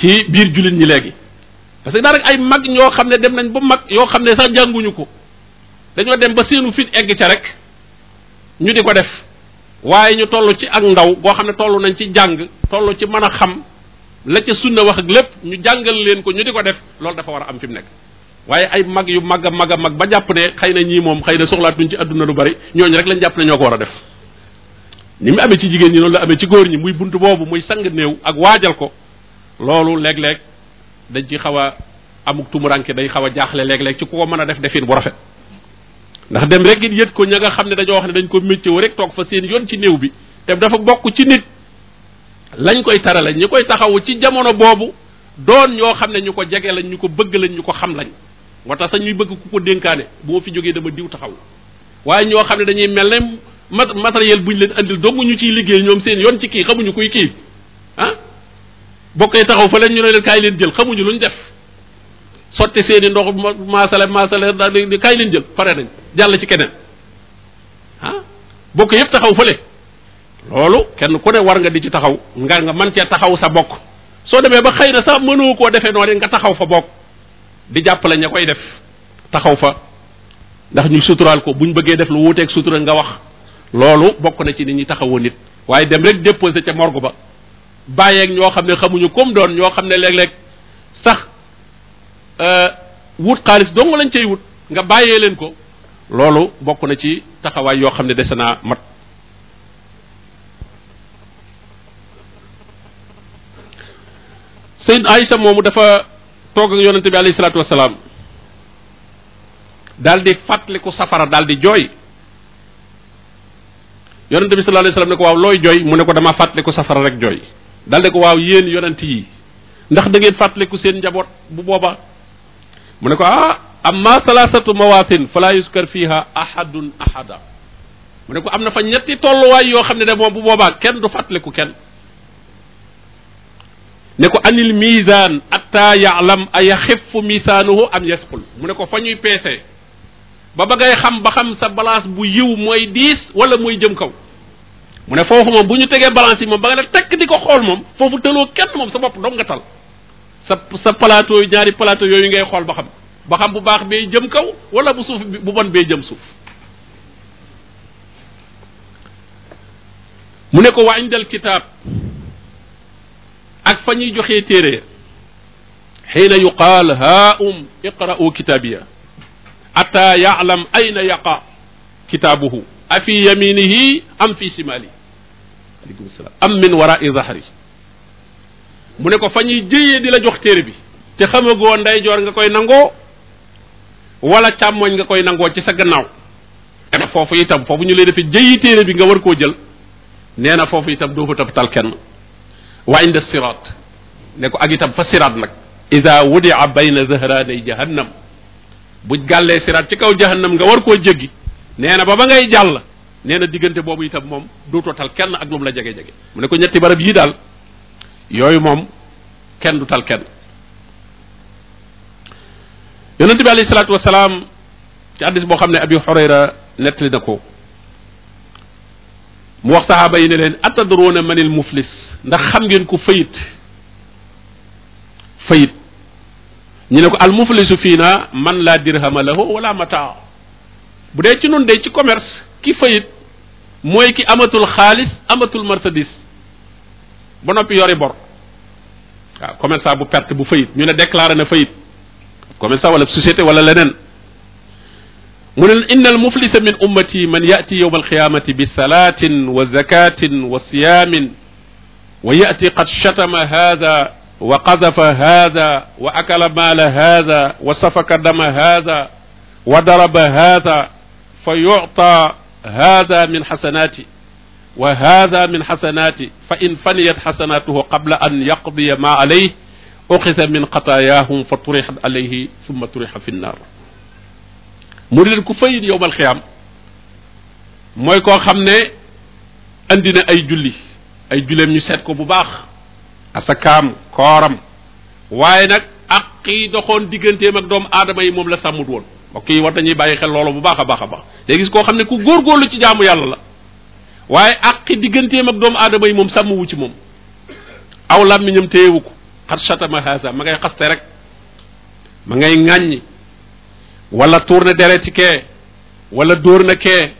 A: ci biir jullit ñi léegi parce que daanaka ay mag ñoo xam ne dem nañ ba mag yoo xam ne sax jànguñu ko dañoo dem ba seenu fit egg ca rek ñu di ko def waaye ñu toll ci ak ndaw boo xam ne toll nañ ci jàng toll ci mën a xam la ca sunna wax ak lépp ñu jàngal leen ko ñu di ko def loolu dafa war a am fi mu nekk waaye ay mag yu mag a mag a mag ba jàpp ne xëy na ñii moom xëy na soxlaatuñ ci adduna lu bari ñooñ rek lañ jàpp ne ñoo ko war a def ñu mu amee ci jigéen ñi loolu la amee ci góor ñi muy bunt boobu muy sang néew ak waajal ko loolu léeg-léeg dañ ci xaw a amuk tumuranke day xaw a jaaxle léeg-léeg ci ku ko mën a def defin bu rafet ndax dem rek it yët ko ña nga xam ne dañoo wax ne dañ ko météo rek toog fa seen yoon ci néew bi te dafa bokk ci nit lañ koy tarale ñu koy taxawu ci jamono boobu doon ñoo xam ne ñu ko jege lañ ñu ko bëgg lañ ñu ko xam lañ moo tax sax ñuy bëgg ku ko dénkaane bu ma fi jógee dama diw taxaw waaye ñoo xam ne dañuy mel ne mat matériel bu ñu leen indil dong ñu ciy liggéey ñoom seen yoon ci kii xamuñu kuy kii ah bokkee taxaw fa leen ñu ne leen kaay leen jël xamuñu lu ñu def sotti seen i ndox maasale maasale daal di kaay leen jël pare nañ jàll ci keneen ah bokk yëpp taxaw fële loolu kenn ku ne war nga di ci taxaw nga man mën cee taxaw sa bokk soo demee ba xëy na sax mënoo koo defee noonu nga taxaw fa bokk di jàppale ña koy def taxaw fa ndax ñu suturaal ko bu ñu bëggee def lu wuuteeg sutura nga wax loolu bokk na ci nit ñi taxawoo nit waaye dem rek déposé ca morgue ba bàyyeek ñoo xam ne xamuñu comme doon ñoo xam ne léeg-léeg sax euh, wut xaalis dong lañ cay wut nga bàyyee leen ko loolu bokk na ci taxawaay yoo xam ne dese naa mat sayid Aïcha moomu dafa toog ak yonente bi alayhi salaatu wasalaam daal di fàttaliku safara daal di jooy yonente bi sallallahu alayhi ne ko waaw looy jooy mu ne ko dama fàttaliku safara rek jooy daal di ko waaw yéen yonent yi ndax da ngeen fàttaliku seen njaboot bu booba mu ne ko ah amma salasatu mawaatin fala yuskar fiha ahadun ahada mu ne ko am na fa ñetti tolluwaay yoo xam ne de moom bu boobaa kenn du fàttaliku kenn ne ko anil misaan atta yaalam a yaxiffu misaanuhu am yasqul mu ne ko fa ñuy peese ba ba ngay xam ba xam sa balance bu yiw mooy diis wala mooy jëm kaw mu ne foofu moom bu ñu tegee balance yi moom ba nga ne tekk di ko xool moom foofu tëloo kenn moom sa bopp dong nga tal sa sa plateau ñaari plateau yooyu ngay xool ba xam ba xam bu baax bee jëm kaw wala bu suuf bu bon bee jëm suuf mu ne ko waa indal kitaab fa ñuy joxee téere ya xiina yuqaal haa um iqra'u kitaabiya ataa ya'lam ayna yaqa kitaabuhu a fi yaminihi am fi simali am min warai zahri mu ne ko fa ñuy jëyee di la jox téere bi te xamagoo ndeyjoor nga koy nangoo wala càmmooñ nga koy nangoo ci sa gannaaw nee na tam itam foofu ñu lay defee jëyi téere bi nga war koo jël nee na foofu itam doo fa tal kenn wa inda siraat ne ko ak itam fa siraat nag ida wudia bayna zahraanay jahannam bu gàllee siraat ci kaw jahannam nga war koo jéggi nee na ba ba ngay jàll nee na diggante boobu itam moom du total kenn ak lu la jege-jege mu ne ko ñetti barab yii daal yooyu moom kenn du tal kenn yonente bi alayhi salaatu wasalaam ci addis boo xam ne abi hurayra nettali na ko mu wax saxaaba yi ne leen atadroona manil muflis ndax xam ngeen ku fayit fayit ñu ne ko al muflisu fii naa man laa dirhama lahu wala mataa bu dee ci noonu de ci commerce ki fayit mooy ki amatul xaalis amatul marchandise ba noppi yori bor waaw commerçant bu perte bu fayit ñu ne déclaré na fayit commerçant wala société wala leneen mu ne inna al muflisa min ummati man yati yowma alqiyamati bi salaatin wa zakatin wa siyaamin wa yati qad shatama hada wa qadafa hada wa akala maala hada wa safaka dama hada wa daraba hada fa yuta hada min xasanaati wa hada min xasanaati fa in faniyat xasanaatuhu qabla an yaqdiya ma alayh uxisa min xataayaahum fa turixat alayhi summa turixa fi nnaar mu di leen ku fayit yowmal xiyaam mooy koo xam ne andi na ay julli ay julleem ñu seet ko bu baax asakaam kooram waaye nag ak yi doxoon digganteem ak doomu aadama yi moom la sàmmut woon mbokk yi war dañuy bàyyi xel loolu bu baax a baax a baax léegi gis koo xam ne ku góor góorlu ci jaamu yàlla la waaye ak yi digganteem ak doomu aadama yi moom sàmmwu ci moom aw làmmiñam teewu ko xat satama haasa ma ngay xaste rek ma ngay ŋàññi wala tuur na deret ci kee wala dóor na kee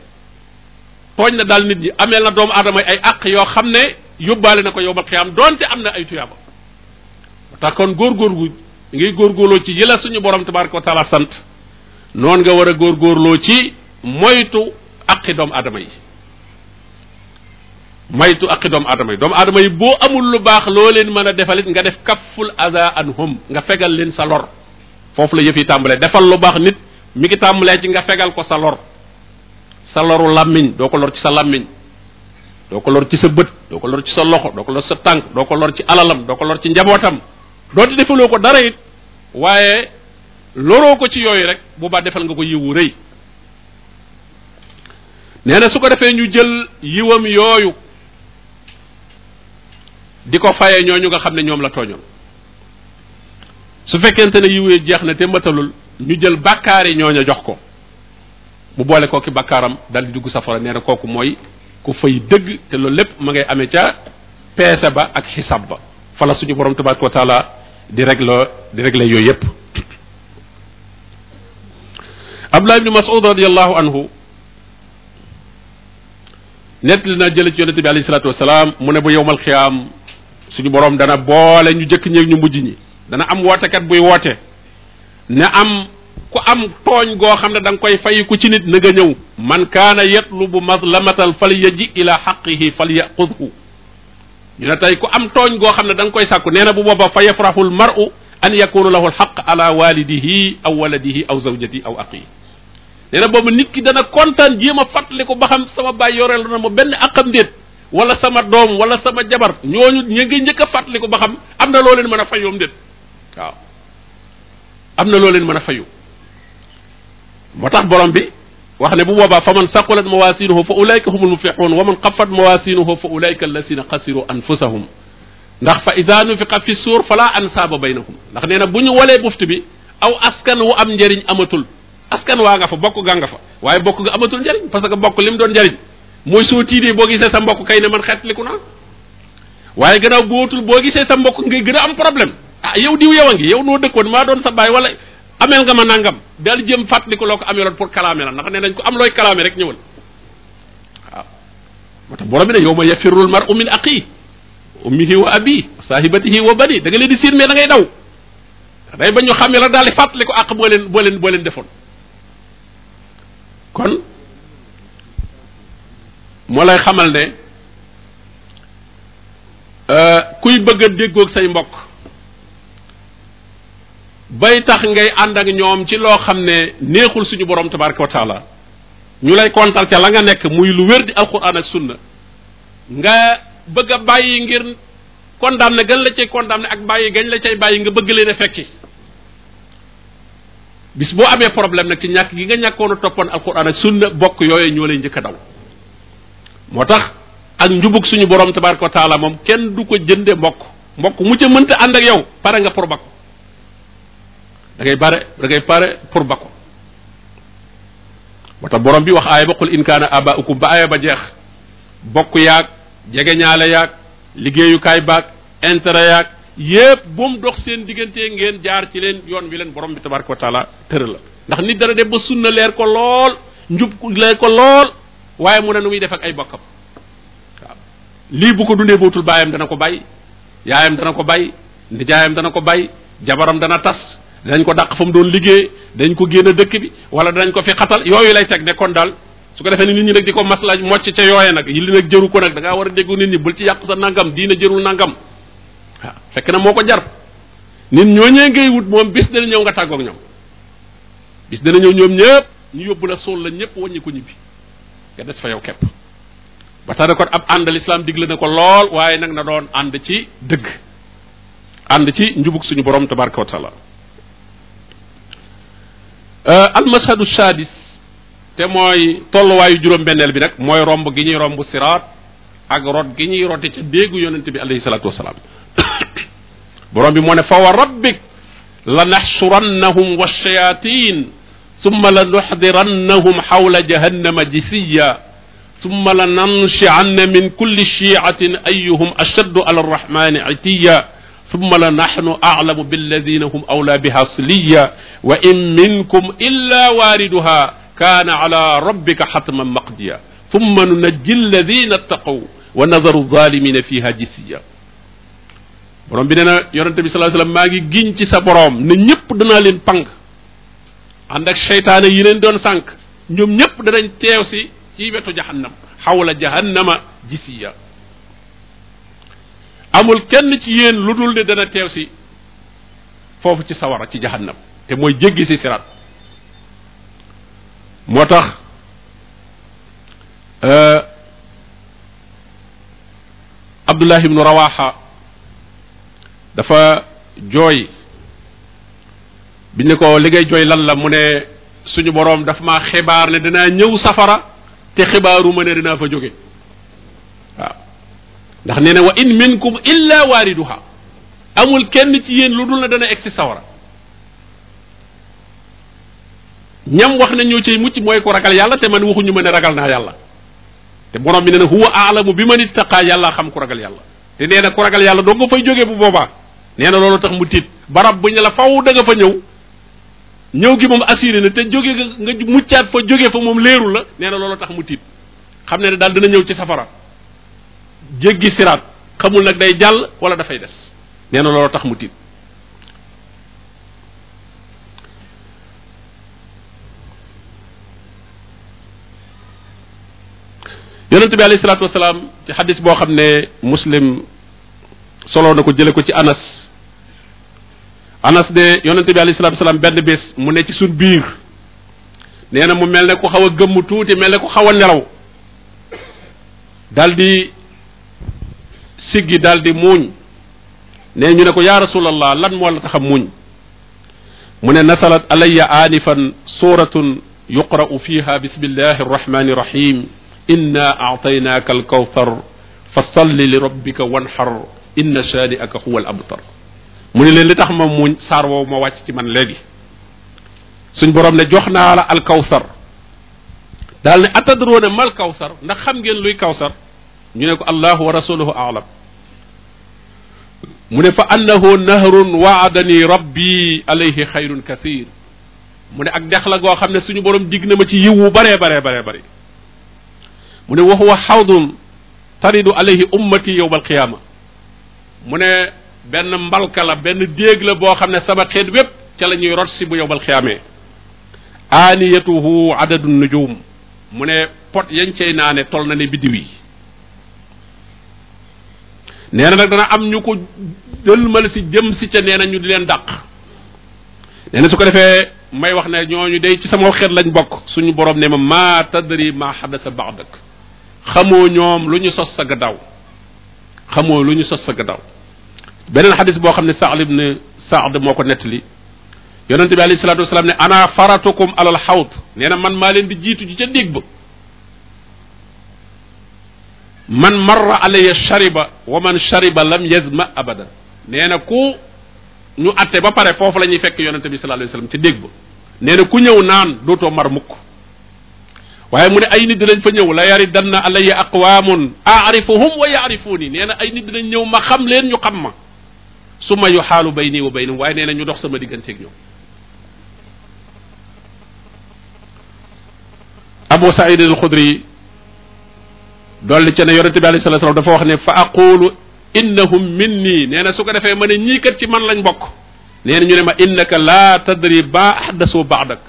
A: tooñ na daal nit ñi amee na doomu aadama ay àq yoo xam ne yóbbaale na ko yowmal xiyaam doonte am na ay tuyaaba tax kon góor góor góorgóorlu ngay góorgóorloo ci yëla suñu borom tabaraka wa taala sant noonu nga war a góor góorloo ci moytu aqi doomu aadama yi moytu aqi doomu aadama yi doomu adama yi boo amul lu baax loo leen mën a defalit nga def kafful aza anhum nga fegal leen sa lor foofu la yëf yi tàmbalee defal lu baax nit mi ngi tàmbalee ci nga fegal ko sa lor sa loru làmmiñ doo ko lor ci sa làmmiñ doo ko lor ci sa bët doo ko lor ci sa loxo doo ko lor ci sa tànk doo ko lor ci alalam doo ko lor ci njabootam dooti defaloo ko dara it waaye loroo ko ci yooyu rek bu baa defal nga ko yiwu rëy nee na su ko defee ñu jël yiwam yooyu di ko fayee ñu nga xam ne ñoom la tooñoon su fekkente ne yiwee jeex na te matalul ñu jël ñoo ña jox ko mu boole kooki bàkkaaram dal di dugg safara nee na kooku mooy ku fay dëgg te loolu lépp ma ngay amee ca peese ba ak xisab ba fala suñu boroom tabaraka wa taala di régler di régler yooyu yépp abdullah ibni mas'ud radiallahu anhu nettali na jële ci yonente bi alayhi salatu wasalaam mu ne bu yowmal xiyaam suñu boroom dana boole ñu jëkk ñeeg ñu mujj ñi dana am wootekat buy woote ne am ku am tooñ goo xam ne da nga koy fayiku ci nit na ñëw man kaana yatlubu mazlamatan fal yaji ila xaqihi fal yaxudhu ñu ne tey ku am tooñ goo xam ne da koy sàkku nee na bu booba fa yafrahu l maru an yakunu lahu alxaq ala walidihi aw waladihi aw zawjati aw aqi nee na boobu nit ki dana kontaan jéem a fàttali ko ba xam sama bay baay yoreel na ma benn aqam ndéet wala sama doom wala sama jabar ñooñu ñu ngi njëkk a ko ba xam am na loo mën a fayoom ndéet waaw am na loo leen mën a fayu moo tax borom bi wax ne bu boobaa fa man saqulat mawaasinuhu fa ulaika humul muflixuun wa man xafat mawaasinuhu fa ulaika allasina xasiru anfusahum ndax fa ida nufiqa fi suur fala ansaaba baynahum ndax nee na bu ñu walee buftu bi aw askan wu am njëriñ amatul askan waa nga fa bokk gaa nga fa waaye bokk ga amatul njëriñ parce que bokk li mu doon njëriñ mooy soo tiidee boo gisee sa mbokk kay ne man xeetliku naa waaye gannaaw bootul boo gisee sa mbokk ngay gën a am problème ah yow diw yow a ngi yow noo dëkkoon maa doon sa baay wala ameel nga ma nangam daal jëm fàttali ko loo ko ameeloon pour kalaame la ndax nee nañ ko am looy kalaame rek ñëwal waaw moo tax borom bi ne yow ma yafirul mar u min aqi ummihi wa abi saahibatihi wa bani da nga leen di siir mais da ngay daw day ba ñu xamee la daal di fàttali ko àq boo leen boo leen boo leen defoon kon moo lay xamal ne euh, kuy bëgg a say mbokk bay tax ngay ànd ak ñoom ci loo xam ne neexul suñu borom tabaraka wa taala ñu lay kontal ca la nga nekk muy lu wér di alquran ak sunna nga bëgg a bàyyi ngir ne gañ la cay ne ak bàyyi gañ la cay bàyyi nga bëgg leen a fekki bis boo amee problème nag ci ñàkk gi nga ñàkkoon a toppoon alquran ak sunna bokk yooyu ñoo lay njëkk a daw moo tax ak njubug suñu borom tabaraka wa taala moom kenn du ko jënde mbokk mbokk mu ca mënta ànd ak yow pare nga pour dangay ngay bare da ngay pare pour ba ko moo borom bi wax aaya ba qul in kaana abaukum ba aaya ba jeex bokk yaag jege ñaale yaag liggéeyukaay baag intérêt yaag yépp bu mu dox seen diggante ngeen jaar ci leen yoon wi leen borom bi tabaraka wa taala tër la ndax nit dana dem ba sunna leer ko lool njub leer ko lool waaye mu ne nu muy def ay bokkam waaw lii bu ko dundee bootul baayam dana ko bàyyi yaayam dana ko bàyyi ndijaayam dana ko bàyyi jabaram dana tas dinañ ko dàq fa mu doon liggéey dañ ko génn dëkk bi wala danañ ko fi xatal yooyu lay teg ne kon daal su ko defee nit ñi nag di ko maslaaj mocc ca yooye nag yi li nag jëru ko nag da war a déggu nit ñi bul ci yàq sa nangam diina jërul nangam waaw fekk na moo ko jar nit ñoo ngay moom bis ñëw nga tàggoog ñoom bis dana ñëw ñoom ñëpp ñu yóbbu la suul la ñëpp waññeeku ko ñibbi nga des fa yow kepp ba tax na kon ab ànd lislaam digle na ko lool waaye nag na doon ànd ci dëgg ànd ci njubug suñu borom tabaraka Euh, almashadu sadis te mooy tolluwaayu juróom-benneel bi nag mooy romb gi ñuy romb siraat ak rot gi ñuy rote ca déegu yonente bi alayhi salatu wasalaam borom bi moo ne fa wa rabbik la naxsurannahum washayatin summa la nuxdirannahum xawla jahannama jisiya summa la nanshianna min kulli shiatin ayuhum ashaddu ala arrahmani itiya summa la nahnu a'lamu billadina hum awla biha siliya wa in minkum illa waariduha kaana ala rabbika xatman maqdiya summa nunajji alladina ttaqaw wa nadaru zalimina fiha jisiya borom bi nee na yonente bi sallallahu alayhi wasallam maa ngi giñ ci sa borom ne ñëpp danaa leen pang ànd ak seytaane yi leen doon sànq ñoom ñëpp danañ teew si ci wetu jahannam xawla jahannama jisiya amul kenn ci yéen lu dul ne dana teew si foofu ci sawara ci jahannam te mooy jéggi si siraat moo tax euh, abdullah ibnu rawaxa dafa jooy bi ñu ko li ngay jooy lan la mu ne suñu boroom daf ma xibaar ne danaa ñëw safara te xibaaru ma ne dinaa fa jóge ndax nee na wa in minkum du waariduha amul kenn ci yéen lu dul na dana ci safara ñam wax na ñoo cay mucc mooy ko ragal yàlla te man waxuñu ma ne ragal naa yàlla te borom bi nee na huwa aalamu bi ma man ittaqaa yàlla xam ku ragal yàlla te nee na ku ragal yàlla doo nga fay jógee bu boobaa nee na loolu tax mu tiit barab bu ñu la faw da fa ñëw ñëw gi moom assuré na te jóge nga muccaat fa jóge fa moom léeru la neena na loolu tax mu tiit xam ne ne daal dana ñëw ci safara jéggi siraat xamul nag day jàll wala dafay des nee na loolu tax mu tiit yonent bi alayhi salaatu wasalaam ci xadis boo xam ne muslim solo na ko jële ko ci anas anas de yonent bi alayhi salaatu wasalaam benn bés mu ne ci suñ biir nee na mu mel ne ku xaw gëmm tuuti mel ne ku xaw a nelaw daldi siggi daldi muuñ ne ñu ne ko yaa rasulallah lan moo la tax muñ mu ne nasalat alayya aanifan suuratun yuqra'u fiha bismillahi arrahmani irrahim inna aataynaaka alkawthar fa salli li rabbika wanxar inna shaani'aka huwa al abtar mu ne leen li tax ma muñ saar woow ma wàcc ci man léegi suñ borom ne jox naa la alkawthar daal ne atadroona mal kawsar ndax xam ngeen luy kawsar ñu ne ko allahu a rasuluhu alam mu ne fa annahu nahrun waadani rabbi alayhi xayrun kathir mu ne ak dex la goo xam ne suñu borom dig na ma ci yiwu baree baree baree bëri mu ne wax wa huwa xawdun taridu alayhi ummati yowma alqiyama mu ne benn mbalka la benn déeg la boo xam ne sama xeet wépp ca la ñuy rot si bu yowmal xiyaamee aaniyatuhu adadu nujum mu ne pot yañ naa naane tol na ne biddiw yi nee na nag dana am ñu ko jëlmal si jëm si ca nee na ñu di leen dàq nee su ko defee may wax ne ñooñu dey ci sama xeet lañ bokk suñu borom ne ma maa tadri maa xadasa baadak xamoo ñoom lu ñu sos sa gannaaw xamoo lu ñu sos sa gannaaw beneen xadis boo xam ne Sahl ibn Saad moo ko nettali yonente bi alayhi salaatu wasalaam ne ana faratukum alal xawd nee na man maa leen di jiitu ci ca dég ba man marra alayya shariba wa man shariba lam yazma abada nee na ku ñu atte ba pare foofu la ñuy fekk yonente bi sallallahu alayhi wasallam ci dégg ba nee na ku ñëw naan dootoo mar mukk waaye mu ne ay nit dinañ fa ñëw la yaridanna alayya aqwamun aarifuhum wa yaarifuni nee na ay nit dinañ ñëw ma xam leen ñu xam ma summa yu xaalu bayni wa baynum waaye nee na ñu dox sama digganteeg ñoom abu said al xudri dolli ca ne yonente bi alayhi salaam dafa wax ne fa aqulu innahum minni nee na su defee ma ne ñii kat ci man lañ bokk nee na ñu ne ma innaka laa tadri ba ahdasu baadak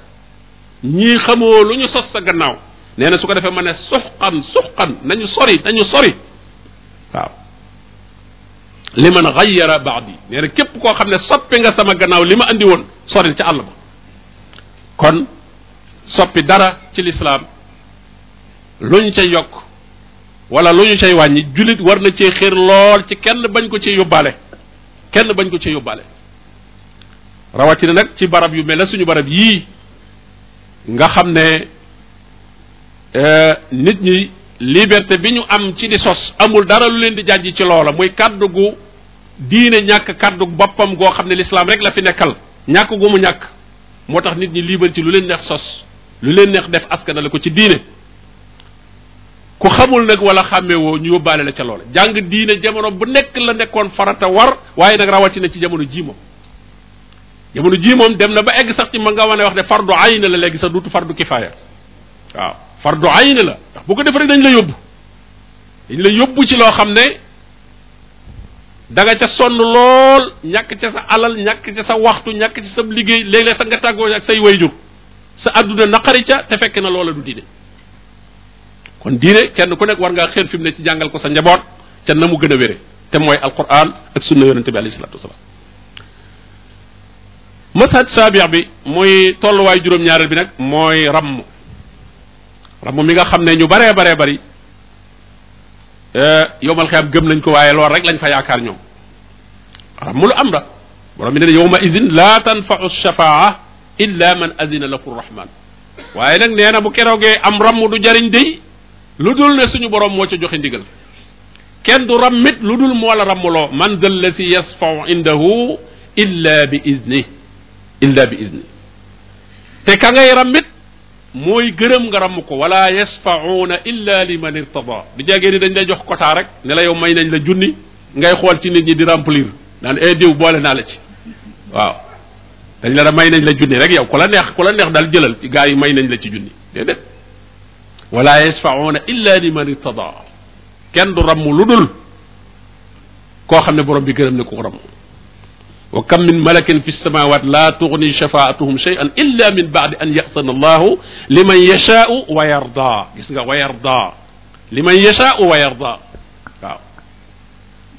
A: ñii xamoo lu ñu sos gannaaw nee na su ko defee ma ne suxqan suxqan nañu sori nañu sori waaw li man xayara baadi nee na képp koo xam ne soppi nga sama gannaaw li ma andi woon soril ca àll ba kon soppi dara ci lislaam luñ ca yokk wala lu ñu cay wàññi jullit war na cee xér lool ci kenn bañ ko ci yóbbaale kenn bañ ko ci yóbbaale rawatina nag ci barab yu mel ne suñu barab yii nga xam ne eh, nit ñi liberté bi ñu am ci di sos amul dara lu leen di jànj ci loola muy kàddu gu diine ñàkk kàddu gu boppam goo xam ne lislaam rek la fi nekkal ñàkk gu mu ñàkk moo tax nit ñi liibar ci lu leen neex sos lu leen neex def askanale ko ci diine ku xamul nag wala xàmme woo ñu yóbbaale la ca loola jàng diine jamono bu nekk la nekkoon farata war waaye nag rawatina ci jamono jii moom jamono jii moom dem na ba egg sax ci ma nga wane wax ne fardu ayn la léegi sa duutu fardu kifaaya waaw fardu ayn la ndax boo ko def rek dañ la yóbbu dañ la yóbbu ci loo xam ne danga nga ca sonn lool ñàkk ca sa alal ñàkk ca sa waxtu ñàkk ca sa liggéey léeg-léeg sax nga tàggoo ak say wayjur sa adduna naqari ca te na loola du diine kon diine kenn ku nekk war ngaa xeer fi mu ne ci jàngal ko sa njaboot ca na mu gën a wére te mooy alquran ak sunna yonente bi alayhi salatu wasalaam masaj saabix bi muy tolluwaay juróom-ñaareel bi nag mooy ramm ram mi nga xam ne ñu baree baree bari e, yowmal xiyaam gëm nañ ko waaye lool rek lañ fa yaakaar ñoom ramm lu am la borom bi ne yowma idin la tanfau shafaa illa man adina lahu rahman waaye nag nee na bu keroogee am ramm du jariñ day lu dul ne suñu borom moo ca joxe ndigal kenn du rammit lu dul moo la rammuloo man dal lazi yasfau indahu illa bi bi izni te ka ngay rammit mooy gërëm nga ramm ko wala yasfauuna illa li man irtada di jagee dañ lay jox quota rek ne yow may nañ la junni ngay xool ci nit ñi di remplir daan e eh, diw boole naa la ci waaw dañ la may nañ la junni rek yow ku la neex ku neex daal jëlal ci gaa yi may nañ la ci junni déedéet wala yasfauna illa liman irtada kenn du ramm lu dul koo xam ne borom bi gërëm ne ku ramm wa kam min malakin fi samawat la tugni shafaatuhum shay'an illa min ba'di an ya'sana allahu liman yashaa'u wa yarda gis nga wa yarda liman yashaa'u wa yarda waaw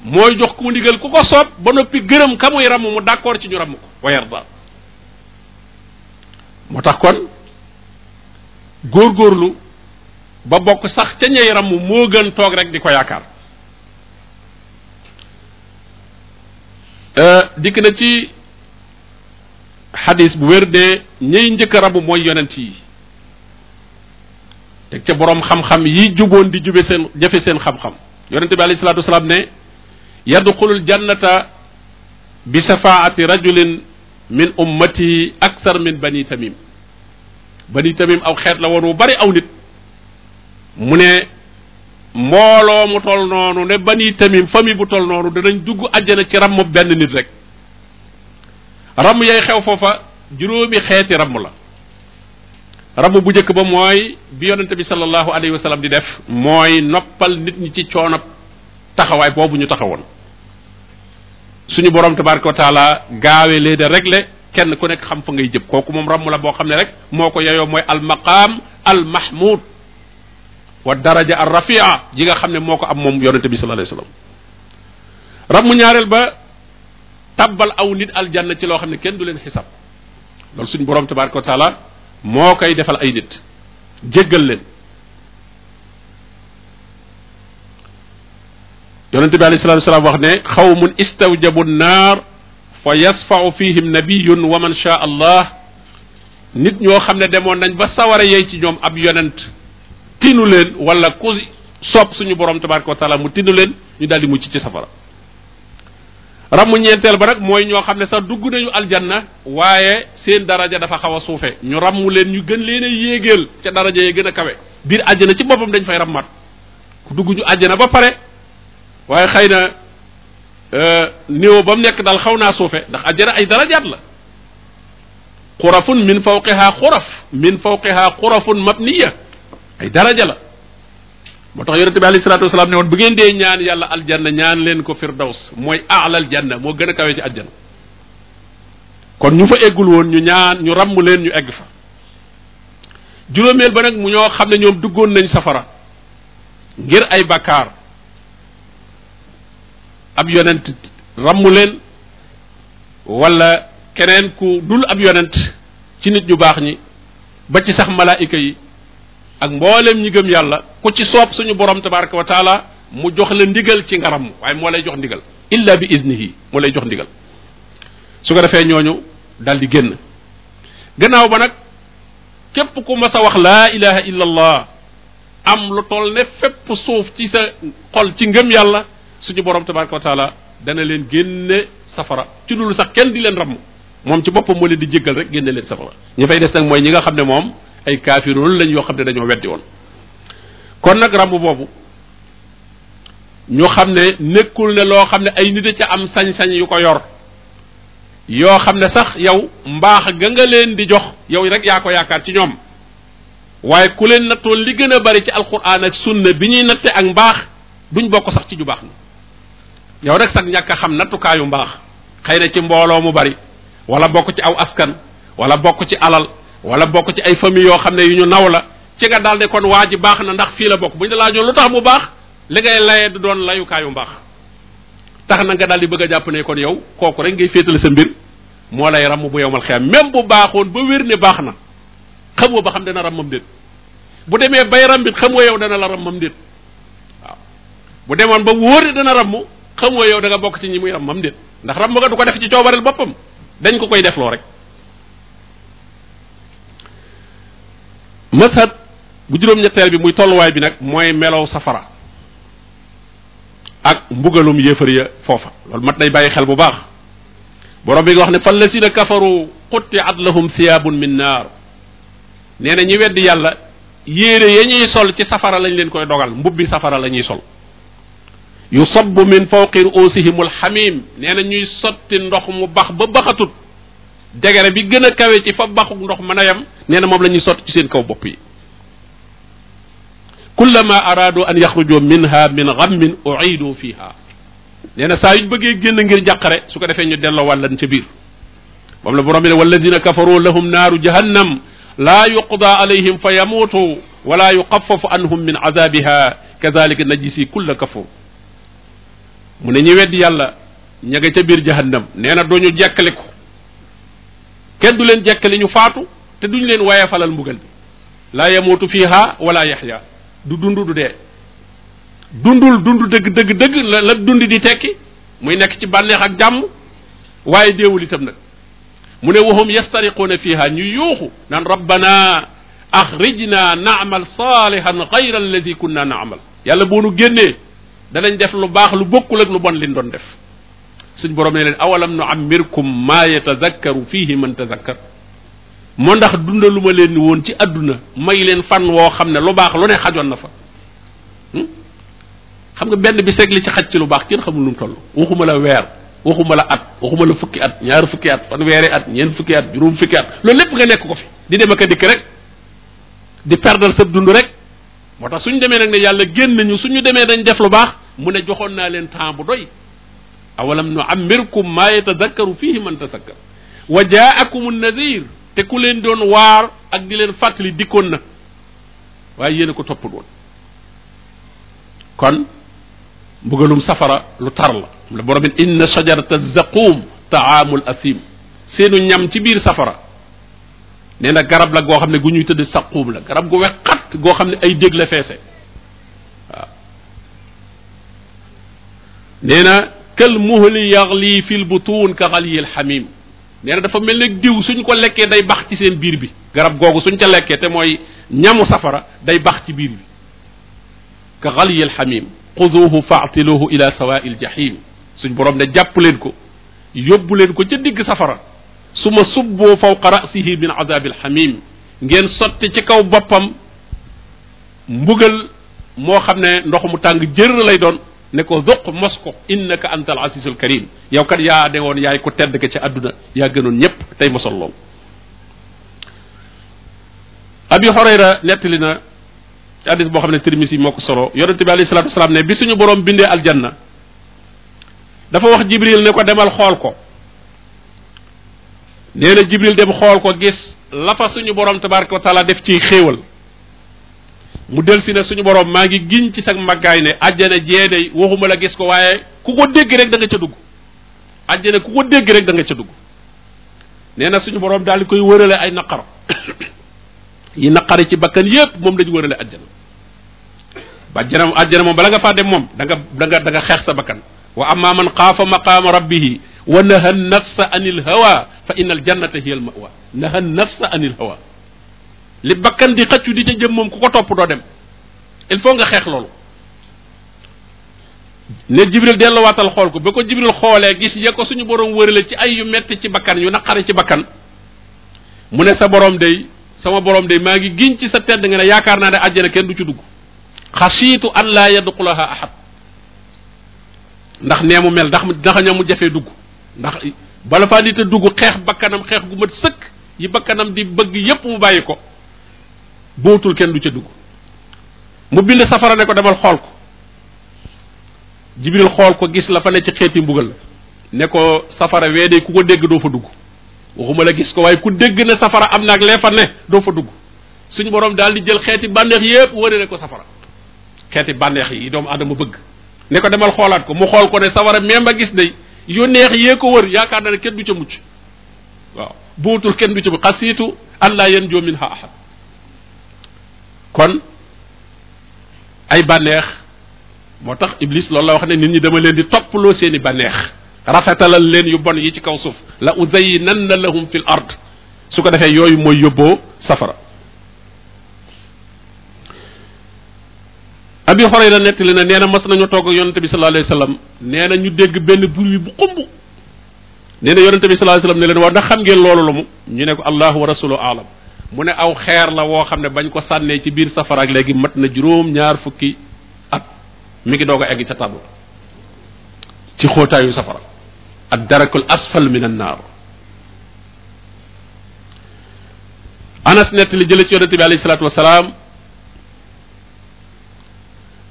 A: mooy jox ku ndigal ku ko soob ba noppi gërëm ka muy ramm mu d'accord ci ñu ramm ko wa yarda moo tax kon góorgóorlu ba bokk sax ca ñey ramm moo gën toog rek di ko yaakaar euh, dikk na ci xadis bu wér de ñey njëkk a mooy yonent yi teg ca boroom xam-xam yi juboon di jube seen jafe seen xam-xam yonente bi alayhi salatu wasalaam ne yadxulul jannata bi safaati rajulin min ummati akthar min bani tamim bani tamim aw xeet la woon wu bari aw nit mu ne mbooloo mu tol noonu ne bani tamim famille bu tol noonu danañ dugg àjjana ci ramm benn nit rek ramm yay xew foofa juróomi xeeti ramm la ramm bu njëkk ba mooy bi yonente bi sallallahu alayhi wa sallam di def mooy noppal nit ñi ci coono taxawaay boobu ñu taxawoon suñu boroom tabaraka wa taala gaawee lee de régler kenn ku nekk xam fa ngay jëm kooku moom ramm la boo xam ne rek moo ko yeyoo mooy al maqaam al mahmud wa daraja ar rafia yi nga xam ne moo ko am moom yonente bi sallallahu alayhi wasallam ñaareel ba tabbal aw nit aljanna ci loo xam ne kenn du leen xisab loolu suñ borom tabaraka wa moo koy defal ay nit jéggal leen yonente bi alayhi salatu wasalam wax ne xawmun istawjabu naar fa yasfau fihim nabiyun wa man shaa allah nit ñoo xam ne demoon nañ ba sawara yey ci ñoom ab yonent tinu leen wala ku sopp suñu borom tabaraka wa taala mu tinu leen ñu daal di mucc ci safara ramu ñeenteel ba nag mooy ñoo xam ne sax dugg nañu aljana waaye seen daraja dafa xaw a suufe ñu ramu leen ñu gën leen a yéegeel ca daraja yi gën a kawe biir àjjana ci boppam dañ fay rammat ku dugg ñu àjjana ba pare waaye xëy na euh, niveau ba mu nekk daal xaw naa suufe ndax àjjana ay darajaat la xurafun min fawqiha xuraf min fawqiha xurafun mabniya ay daraja la moo tax yonente bi alayhi salaatu wasalaam ne woon bu ngeen dee ñaan yàlla aljanna ñaan leen ko firdaws mooy aalal janna moo gën a kawee ci aljanna kon ñu fa eggul woon ñu ñaan ñu ràmm leen ñu egg fa juróomeel ba nag mu ñoo xam ne ñoom duggoon nañ safara ngir ay bakkaar ab yonent ràmm leen wala keneen ku dul ab yonent ci nit ñu baax ñi ba ci sax malaayika yi ak mboolem ñi gëm yàlla ku ci soob suñu borom tabaraka wa taala mu jox la ndigal ci nga ngaram waaye moo lay jox ndigal illa bi iznihi moo lay jox ndigal su ko defee ñooñu daal di génn gannaaw ba nag képp ku mas a wax laa ilaha illa allah am lu toll ne fépp suuf ci sa xol ci ngëm yàlla suñu borom tabaraka wa taala dana leen génne safara ci loolu sax kenn di leen ramm moom ci boppam moo leen di jéggal rek génne leen safara ñi fay des nag mooy ñi nga xam ne moom ay kaafiroon lañ yoo xam ne dañoo weddi woon kon nag ramb boobu ñu xam ne nekkul ne loo xam ne ay nit a ca am sañ-sañ yu ko yor yoo xam ne sax yow mbaax ga nga leen di jox yow rek yaa ko yaakaar ci ñoom waaye ku leen nattoon li gën a bari ci alquran ak sunna bi ñuy natte ak mbaax duñ bokk sax ci ju baax ni yow rek sax ñàkk a xam nattukaayu mbaax xëy na ci mbooloo mu bari wala bokk ci aw askan wala bokk ci alal wala bokk ci ay famille yoo xam ne yu ñu naw la ci nga daal ne kon waa ji baax na ndax fii la bokk bu ñu laajoon lu tax mu baax li ngay layee du doon layukaayu mbaax tax na nga daal di bëgg a jàpp ne kon yow kooku rek ngay féetale sa mbir moo lay ramm bu yowmal xiyam même bu baaxoon ba wér ne baax na xamoo ba xam dana rammam déet bu demee bay rambit xamoo yow dana la rammam déet waaw bu demoon ba wóor ne dana ramm xamoo yow da bokk ci ñi muy rammam déet ndax ramm nga du ko def ci coobareel boppam dañ ko koy defloo rek masat bu juróom-ñetteel bi muy tolluwaay bi nag mooy melow safara ak mbugalum yéefar ya foofa loolu mat nay bàyyi xel bu baax borom bi wax ne fa lazina kafaru quttiat lahum siyaabun min naar nee na ñi weddi yàlla yéere ya ñuy sol ci safara lañ leen koy dogal mbubbi safara lañuy sol sol yusabbu min fawqi ruusihim alxamim nee na ñuy sotti ndox mu bax ba baxatut degere bi gën a kawe i fa baxuk ndox mën a yam nee na moom la ñuy sotti ci seen kaw bopp yi kullama araadu an yaxruju minha min gammin uidu fiha nee na saa yuñ bëggee génn ngir njàqare su ko defee ñu delloo wàllan ca biir moom la borom bi ne walladina kafaru lahum naaru jahannam laa yuqda alayhim fa yamuutu wala yuqafafu anhum min azabiha kadalika najisi kulla kafur mu ne ñi weddi yàlla ña nga ca biir jahannam nee na duñu jekkaliku kenn du leen jekkali ñu faatu te duñ leen waye falal mbugal bi laa yamuutu fiiha wala yaxya du dund du dee dundul dund dëgg dëgg dëgg la la dund di tekki muy nekk ci bànneex ak jàmm waaye deewul itam nag mu ne wahum yastariquuna fiiha ñu yuuxu naan rabbana axrijna naamal saalihan gayra alladi kunna naamal yàlla boo nu génnee danañ def lu baax lu bokkul ak lu bon liñ doon def suñ borom ne leen awalam nu ammirkum maa yatazakkaru fiihi man tazakkar moo ndax dundalu ma leen woon ci àdduna may leen fan woo xam ne lu baax lu ne xajoon na fa hmm? xam nga benn bi seeg ci xaj ci lu baax kenn xamul nu mu toll waxuma la weer waxuma la at waxuma la fukki at ñaar fukki at fanweeri at ñeent fukki at juróom fukki at loolu lépp nga nekk ko fi di dem ak a dikk rek di perdal sa dund rek moo tax suñ demee nag ne yàlla génn nañu suñu demee dañ def lu baax mu ne joxoon naa leen temps bu doy awalam nu amirkum maa yatadakkaru fihi man tasakkar wa jaakumu nadir te ku leen doon waar ak di leen fàttali dikkoon na waaye yéen a ko toppul woon kon mbugalum safara lu tar la m la borom it inna shajarata zaqum taamul asim seenu ñam ci biir safara nee na garab la goo xam ne gu ñuy tëdd saquum la garab gu wex xat goo xam ne ay dég la feese waaw nee na kal muhli yaxli fil butun ka xaliyil xamim nee na dafa mel ne diw suñ ko lekkee day bax ci seen biir bi garab googu suñ ca lekkee te mooy ñamu safara day bax ci biir bi ka xaliyil xamim xuduhu faatiluhu ila sawail jahim suñ boroom ne jàpp leen ko yóbbu leen ko ca digg safara suma subboo fawqa rasihi min azabil xamim ngeen sotti ci kaw boppam mbugal moo xam ne ndox mu tàng jër lay doon ne ko duq mos ko innaka antal asisul karim yow kat yaa de woon yaay ko tedd ka ci àdduna yaa gënoon ñëpp tey mosal lool abi xoreyra nettali na hadis boo xam ne tirmisi moo ko solo yonente bi alayhi salatu wasalaam ne bi suñu borom bindee aljanna dafa wax jibril ne ko demal xool ko nee na jibril dem xool ko gis la fa suñu borom tabaraka wa def ciy xéewal mu del si ne suñu borom maa ngi giñ ci sag màggaay ne àjjana jeedey waxuma la gis ko waaye ku ko dégg rek danga nga ca dugg àjjana ku ko dégg rek danga nga ca dugg nee na suñu boroom daal di koy wërale ay naqaro yi naqari ci bakkan yépp moom dañu wërale àjjana bàjjana àjjana moom bala nga fa dem moom danga nga da nga xeex sa bakkan wa amma man xaafa maqaama rabbihi wa naha nafsa anil hawa fa inna al jannata hiya al mawa naha nafsa hawa li bakkan di xëccu di ca jëm moom ku ko topp doo dem il faut nga xeex loolu ne jibril delluwaatal xool ko ba ko jibril xoolee gis ya ko suñu borom wërale ci ay yu metti ci bakkan yu naqari ci bakkan mu ne sa boroom day sama borom dey maa ngi giñ ci sa tedd nga ne yaakaar naa ne àjjana kenn du ci dugg xasiitu an laa yadxulaha ahad ndax nee mu mel ndax ndax ña mu jafee dugg ndax bala a dugg xeex bakkanam xeex gu mat sëkk yi bakkanam di bëgg yépp mu bàyyi ko bootul kenn du ca dugg mu bind safara ne ko demal xool ko jibril xool ko gis la fa ne ci xeeti mbugal ne ko safara wee de ku ko dégg doo fa dugg waxuma la gis ko waaye ku dégg ne safara am na ak lee fa ne doo fa dugg suñu borom daal di jël xeeti bànneex yépp wërale ko safara xeeti bànneex yi doomu aadama bëgg ne ko demal xoolaat ko mu xool ko ne safara même ba gis day yu neex yee ko wër yaakaar na ne kenn du ca mucc waaw bootul kenn du ca mucc xasiitu an laa yanjoo minha ahad kon ay bànneex moo tax iblis loolu la wax ne nit ñi dama leen di toppaloo seen i bànneex rafetalal leen yu bon yi ci kaw suuf la uzayyinanna lahum fil ard su ko defee yooyu mooy yóbboo safara abi xorayra nettali na nee na mas nañu toog ak yonente bi sallallahu alayhi wasallam nee na ñu dégg benn bruit bu xumb nee na yonente bi sallallahu alayhi wasallam ne leen waaw ndax xam ngeen loolu la mu ñu ne ko allahu wa rasulu alam mu ne aw xeer la woo xam ne bañ ko sànnee ci biir safara ak léegi mat na juróom ñaar fukki at mi ngi doog a egg ca tabu ci xóotaayu safara ad darakul asfal min an anas nett li jële ci yonente bi alayhi salaatu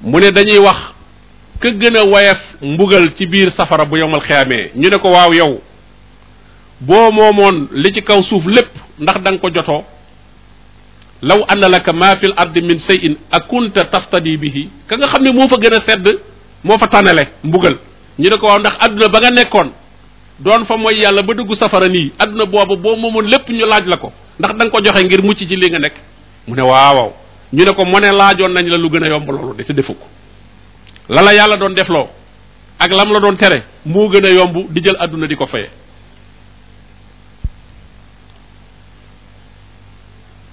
A: mu ne dañuy wax ka gën a wayaf mbugal ci biir safara bu yowmal xiyaamee ñu ne ko waaw yow boo moomoon li ci kaw suuf lépp ndax danga ko jotoo law anna laka ma fil ardi min shay'in akunta bi bihi ka nga xam ne moo fa gën a sedd moo fa tànnale mbugal ñu ne ko waaw ndax adduna ba nga nekkoon doon fa mooy yàlla ba dugg safara nii àdduna boobu boo moomoon lépp ñu laaj la ko ndax da nga ko joxe ngir mucc ci li nga nekk mu ne waaw ñu ne ko mu ne laajoon nañu la lu gën a yomb loolu de te defu ko la la yàlla doon defloo ak lam la doon tere moo gën a yomb di jël àdduna di ko faye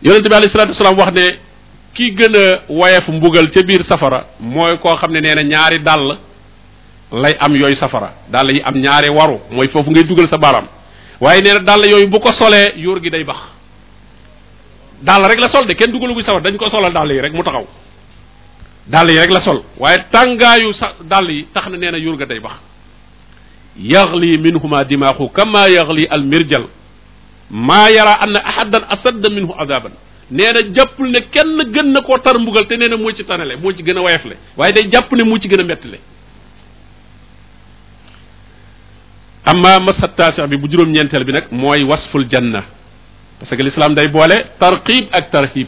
A: yonente bi alayhi salatu wasalaam wax ne ki gën a woyef mbugal ca biir safara mooy koo xam ne nee na ñaari dàll lay am yooyu safara dàll yi am ñaari waru mooy foofu ngay dugal sa baaraam waaye nee na dàll yooyu bu ko solee yóor gi day bax dàll rek la sol de kenn dugalugu safara dañ ko solal dàll yi rek mu taxaw
B: dàll yi rek la sol
A: waaye tàngaayu sa dàll yi tax na nee na yóor ga day bax yaxli minhuma dimaaxu kama yaxli al mirjal ma yara anna ahadan asadda minhu azaban nee na jàppul ne kenn gën na koo tar mbugal te nee na moo ci tanale moo ci gën a wayafle waaye day jàpp ne moo ci gën a mettale amma masattation bi bu juróom-ñeenteel bi nag mooy wasful janna parce que day boole tarqib ak tarhib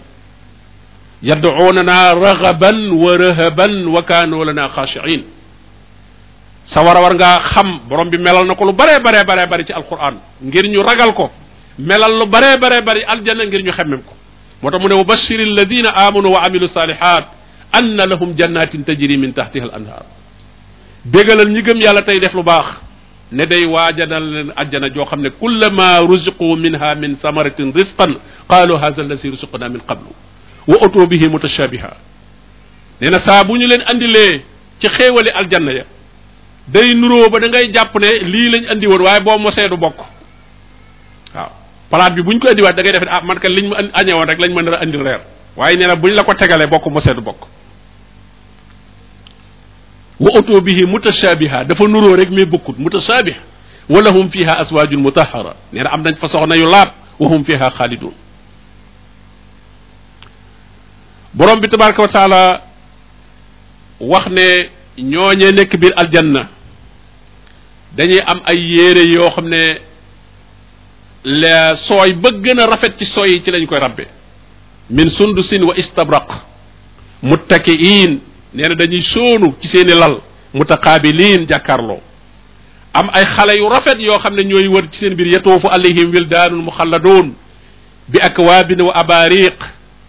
A: yad'unana raghaban wa rahaban wa kanu lana khashi'in sa war a war ngaa xam borom bi melal na ko lu bare bare bare bari ci alquran ngir ñu ragal ko melal lu baree baree bari aljanna ngir ñu xemmem ko moo tax mu ne wa bashir alladina amanu wa amilu salihat anna lahum jannatin tajri min tahtiha al anhar bégalal ñi gëm yàlla tey def lu baax ne day waajanal leen aljanna joo xam ne kullama ruziqu minha min samaratin risqan qaalu hadha alladi ruziqna min qablu wa utu bihi mutashabiha nee na saa bu ñu leen andilee ci xéewali aljanna ya day nuroo ba da ngay jàpp ne lii lañ andi woon waaye boo mosee du bokk palaat bi bu ñu ko indiwaat da ngay def ah man kat liñ ma añee woon rek lañ ma nar a andil reer waaye nee na buñ la ko tegalee bokk mu sedd bokk wa oto bihi mutashabiha dafa nuróo rek mais bokkut mutashabih wa lahum fiha aswaajun mutahara nee na am nañ fa soxna yu laab wa hum fiha xaalidun borom bi tabaraka wa wax ne ñooñee nekk biir aljanna dañuy am ay yére yoo xam ne le sooy ba gën rafet ci sooy yi ci lañ koy rabbe min sundusin wa istabraq muttakiin nee na dañuy soonu ci seeni lal mutaqaabiliin jàkkaarloo am ay xale yu rafet yoo xam ne ñooy wër ci seen biir yatoofu alayhim wildaanun muxalladoon bi akwaabin wa abaariq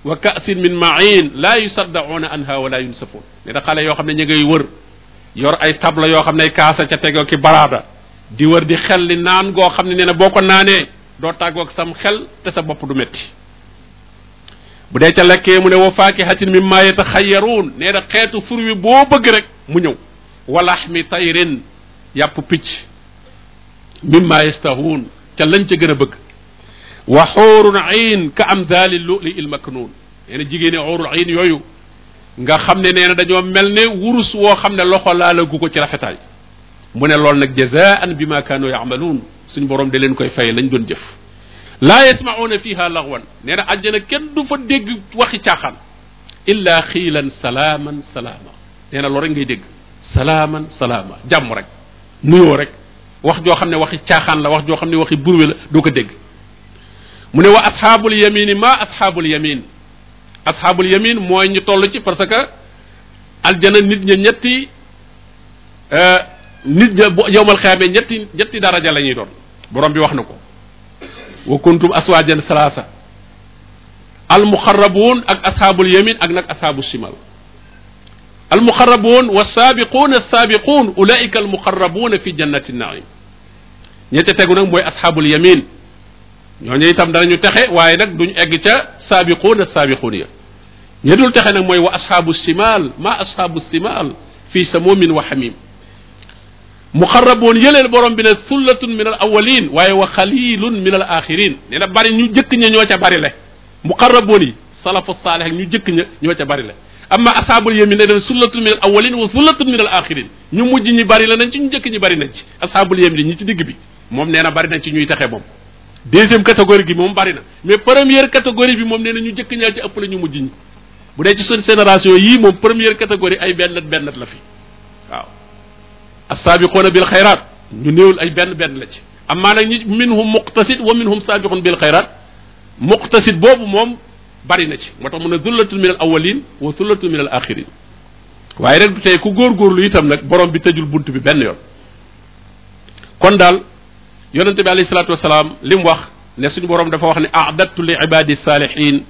A: wa ka'sin min ma'in laa yusaddauna anha wa laa yunsafoon nee na xale yoo xam ne ñu ngay wër yor ay tabla yoo xam ne ay kaasa ca tegoo ki baraada di wër di xel li naan goo xam ne nee na boo ko naanee doo tàggook sam xel te sa bopp du métti bu dee ca lekkee mu ne wa faakihatin mimma yataxayyaruun nee na xeetu fur wi boo bëgg rek mu ñëw walaxmi tayrin yàpp picc mimma yastahuun ca lañ ca gën a bëgg wa xuurun ayn ka am daali luli il maknuun nee na jigéeni xuurul ayn yooyu nga xam ne nee na dañoo mel ne wurus woo xam ne loxo laalagu ko ci rafetaay mu ne loolu nag jazaan bi ma kaanu yaamaluun suñ borom da leen koy fay lañ doon jëf laa yasmauna fiha laghwan nee na àjjana kenn du fa dégg waxi caaxaan illa xiilan salaaman salaama nee na loolu ngay dégg salaaman salaama jàmm rek nuyoo rek wax joo xam ne waxi caaxaan la wax joo xam ne waxi burwe la doo ko dégg mu ne wax asxaabul yamini ma asxaabul yamin asxaabul yamin mooy ñu toll ci parce que aljana nit ña ñetti euh, nit ja bu yowmal xiyaamee ñetti ñetti daraja la ñuy doon borom bi wax na ko wa kuntum aswaajan salaasa almuxarrabuun ak ashaabul yamin ak nag ashaabu shimal almuxarrabuun wa saabiquun assaabiquun ulaika almuxarrabuuna fi jannati naim ñette tegu nag mooy ashaabul yamin ñooñu itam danañu texe waaye nag duñu egg ca saabiquun assaabiquun ya ñe dul texe nag mooy wa ashaabu shimal ma ashaabu shimal fii samumin wa xamim muxarraboon yëleen borom bi na sullatun min al awalin waaye wa xalilun min al axirin nee bari ñu jëkk ña ñoo ca bari le muxarraboon yi salafu saalih ak ñu jëkk ña ñoo ca bari le amma ashaabul yamin ne leen sullatun min al awalin wa sullatun min al axirin ñu mujj ñi bari la nañ ci ñu jëkk ñi bari nañ ci ashaabul yamin ñi ci digg bi moom nee na bari nañ ci ñuy texe moom deuxième catégorie gi moom bari na mais première catégorie bi moom nee na ñu jëkk ñaa ëpp la ñu mujj ñi ci seen génération yii moom première catégorie ay benn benn la assaabiquuna bil xayraat ñu néewul ay benn benn la ci amaa nag ñi minhum muqtasid wa minhum saabiqun bil xayraat muqtasid boobu moom bari na ci moo tax mu ne zullatun min al awalin wa zullatun min al axirin waaye rek tey ku góorgóorlu itam nag borom bi tëjul bunt bi benn yoon kon daal yonente bi alayhi salaatu wasalaam li mu wax ne suñu borom dafa wax ne adattu li ibadi salihin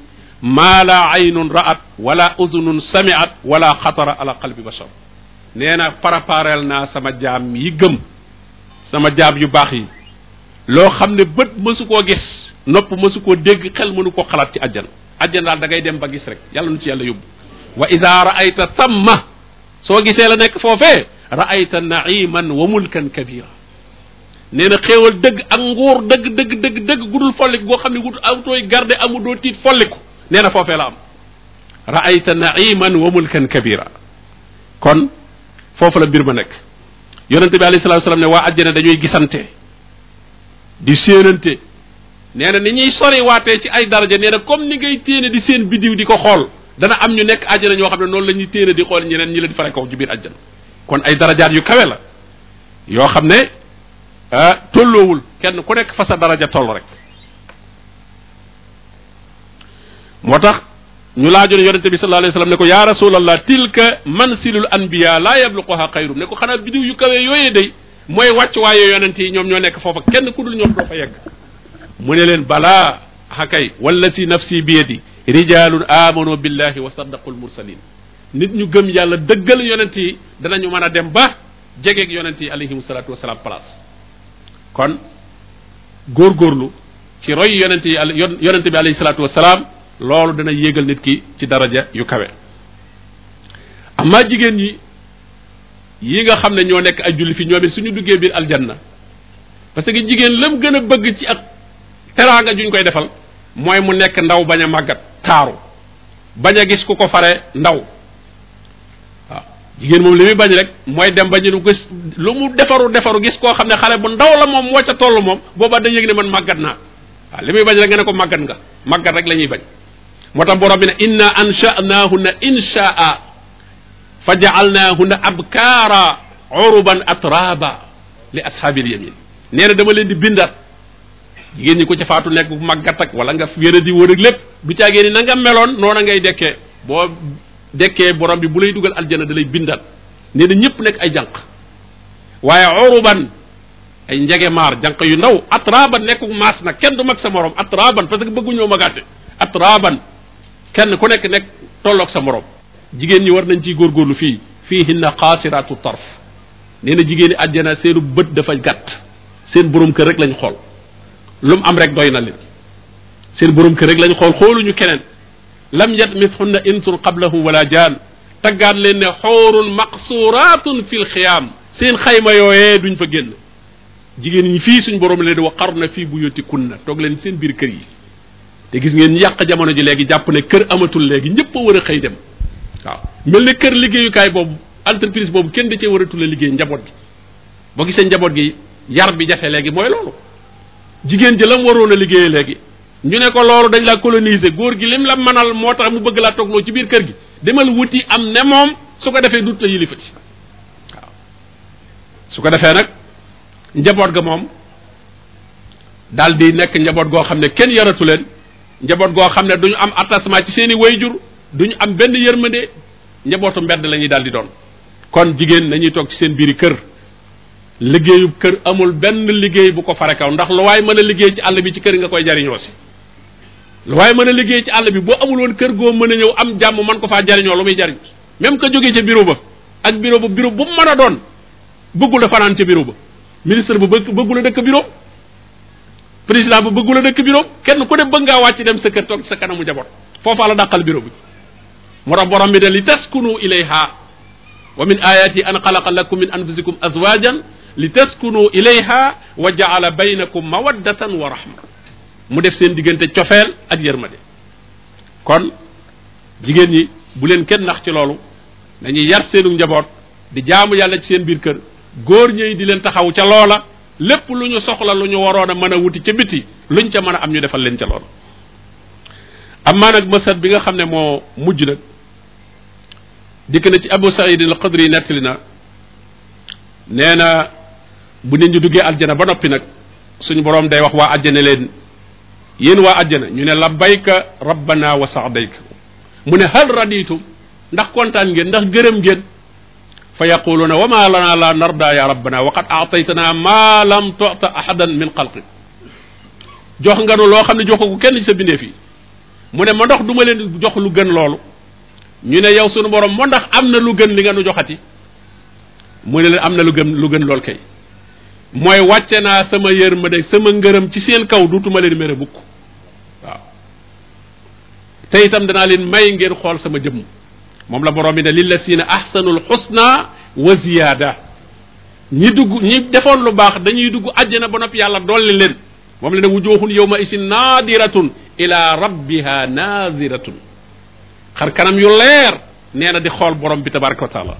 A: maa la aynun ra'at wala udunun sami'at wala xatara ala qalbi bashar nee na parapareel naa sama jaam yi gëm sama jaam yu baax yi loo xam ne bët mësu koo gis nopp mësu koo dégg xel mënu ko xalaat ci àjjana àjjana dangay dem ba gis rek yàlla nu ci yàlla yóbbu wa ida raayta samma soo gisee la nekk foofee raayta naiman wa mulkan kabira nee na xéewal dëgg ak nguur dëgg dëgg dëgg dëgg gudul folliku goo xam ne wut awtooy garde amu doo tiit folliku nee na foofee la am raayta naiman wa mulkan kabira foofu la mbir ma nekk yonente bi alayhi salaatu salaam ne waa àjjana dañuy gisante di séenante nee na ni ñuy sori waatee ci ay daraja nee na comme ni ngay téene di seen bidiw di ko xool dana am ñu nekk àjjana ñoo xam ne noonu la ñuy téene di xool ñeneen ñi leen fare kaw ci biir àjjana kon ay darajaat yu kawe la yoo xam ne ah tolloowul kenn ku nekk fa sa daraja toll rek moo tax ñu laajoon yonente bi sallallahu alayhi wasallam ne ko yaa rasulallah tilka mansilul anbiya laa yabluquha xayrum ne ko xanaa bidiw yu kawee yooyee day mooy waaye yonent yi ñoom ñoo nekk foofa kenn ku dul ñoom doo fa yegg mu ne leen balaa xakay wala si nafsi biyadi rijalun amanu billahi wa saddaqul mursalin nit ñu gëm yàlla dëggal yonent yi danañu mën a dem ba jegeeg yonent yi alayhimu salaatu wasalaam place kon góorgóorlu ci roy yonent yi yonent bi alayhi salaatu loolu dana yéegal nit ki ci daraja yu kawe amma jigéen ñi yi nga xam ne ñoo nekk ay julli fi ñoom it suñu duggee biir aljanna parce que jigéen lam gën a bëgg ci ak teraanga juñ koy defal mooy mu nekk ndaw bañ a màggat taaru bañ a gis ku ko fare ndaw waaw jigéen moom li muy bañ rek mooy dem bañ nu gis lu mu defaru defaru gis koo xam ne xale bu ndaw la moom moo ca toll moom boobaa da yëg ne man màggat naa waaw li muy bañ rek nga ne ko màggat nga màggat rek la ñuy bañ moo tax borom bi ne inna anshanahunna inshaa fa jaalnahunna abkaara uruban atraba li ashaabil yamin nee na dama leen di bindat jigéen ñi ko ca faatu nekk màggat ak wala nga wéra di wër ak lépp du caagee ni na meloon noona ngay dekkee boo dekkee borom bi bu lay dugal aljana da lay bindat nee ñëpp nekk ay jànq waaye uruban ay njege maar yu ndaw atraban nekku maas nag kenn du mag sa morom atraban parce que bëgguñoo magaate atraban kenn ku nekk nekk tollook sa moroom jigéen ñi war nañ ci góor góorlu fii fii hinna xaasiraatu tarf nee na jigéen ñi àjjana seenu bët dafa gàtt seen borom kër rek lañu xool lu mu am rek doy na leen seen borom kër rek lañu xool xooluñu keneen lam na insun qablahum wala jaan taggaat leen ne xoorun maqsuuraatun fil xiyaam seen xayma yooyee duñ fa génn jigéen ñi fii suñu borom leen di wa qarna fii na toog leen seen biir kër yi te gis ngeen yàq jamono ji léegi jàpp ne kër amatul léegi ñëpp a war a xëy dem waaw mel ne kër liggéeyukaay boobu entreprise boobu kenn da cee waratule liggéey njaboot gi boo gisee njaboot gi yar bi jafe léegi mooy loolu jigéen ji la mu waroon a liggéeye léegi ñu ne ko loolu dañ la coloniser góor gi lim la mënal moo tax mu bëgg laa toogloo ci biir kër gi demal yi am ne moom su ko defee dut la yilifati waaw su ko defee nag njaboot ga moom daal di nekk njaboot goo xam ne kenn yaratu leen njaboot goo xam ne duñu am attachement ci seen i wayjur duñu am benn yërmande njabootu mbedd la ñuy daal di doon kon jigéen nañuy toog ci seen biir yi kër liggéeyub kër amul benn liggéey bu ko fare kaw ndax lu waaye mën a liggéey ci àll bi ci kër nga koy jariñoo si lu waay mën a liggéey ci àll bi boo amuloon kër goo mën a ñëw am jàmm man ko faa jariñoo lu muy jariñ même que jógee ca biro ba ak bureau ba biro bu mën a doon bëggul a fanaan ca bureau ba ministre bu bëgg bëggul a dëkk bureau président bi bëggula dëkk bureau kenn ku ne bëgg ngaa wàcc dem sa kër toog sa kanamu njaboot foofaa la dàqal bureau bi moo tax borom bi ne li taskunu ilayha wa min ayati an xalaqa lakum min anfusikum azwajan li taskunu ilayha wa jaala baynakum mawaddatan wa rahma mu def seen diggante cofeel ak yërmande kon jigéen ñi bu leen kenn nax ci loolu dañuy yar seenu njaboot di jaamu yàlla ci seen biir kër góor ñëy di leen taxaw ca loola lépp lu ñu soxla lu ñu waroon a mën a wuti ca biti luñ ca mën a am ñu defal leen ca loolu amaa nag masad bi nga xam ne moo mujj nag dikk na ci Abu Saïd al Xudri nettali na nee na bu nit ñu duggee aljana ba noppi nag suñu boroom day wax waa aljana leen yéen waa aljana ñu ne labbayka rabbana wa saadayka mu ne hal radiitum ndax kontaan ngeen ndax gërëm ngeen fa yaquluuna wa ma lana la narda ya rabbana wa qad aataytana ma lam tuta ahadan min xalqik jox nga nu loo xam ne jox ko kenn sa bindeef yi mu ne ma ndox du ma leen jox lu gën loolu ñu ne yow sunu borom ma ndax am na lu gën li nga nu joxati mu ne leen am na lu gën lu gën lool kay mooy wàcce naa sama yërmande sama ngërëm ci seen kaw duutuma leen mere bukk waaw itam danaa leen may ngeen xool sama jëmm moom la borom bi ne lillazina ahsanul xusna wa ziyaada ñi dugg ñi defoon lu baax dañuy dugg àjjana ba noppi yàlla dolli leen moom la ne wujuhun yawma isin naadiratun ila rabbiha naadiratun xar kanam yu leer nee na di xool borom bi tabaraka wa taala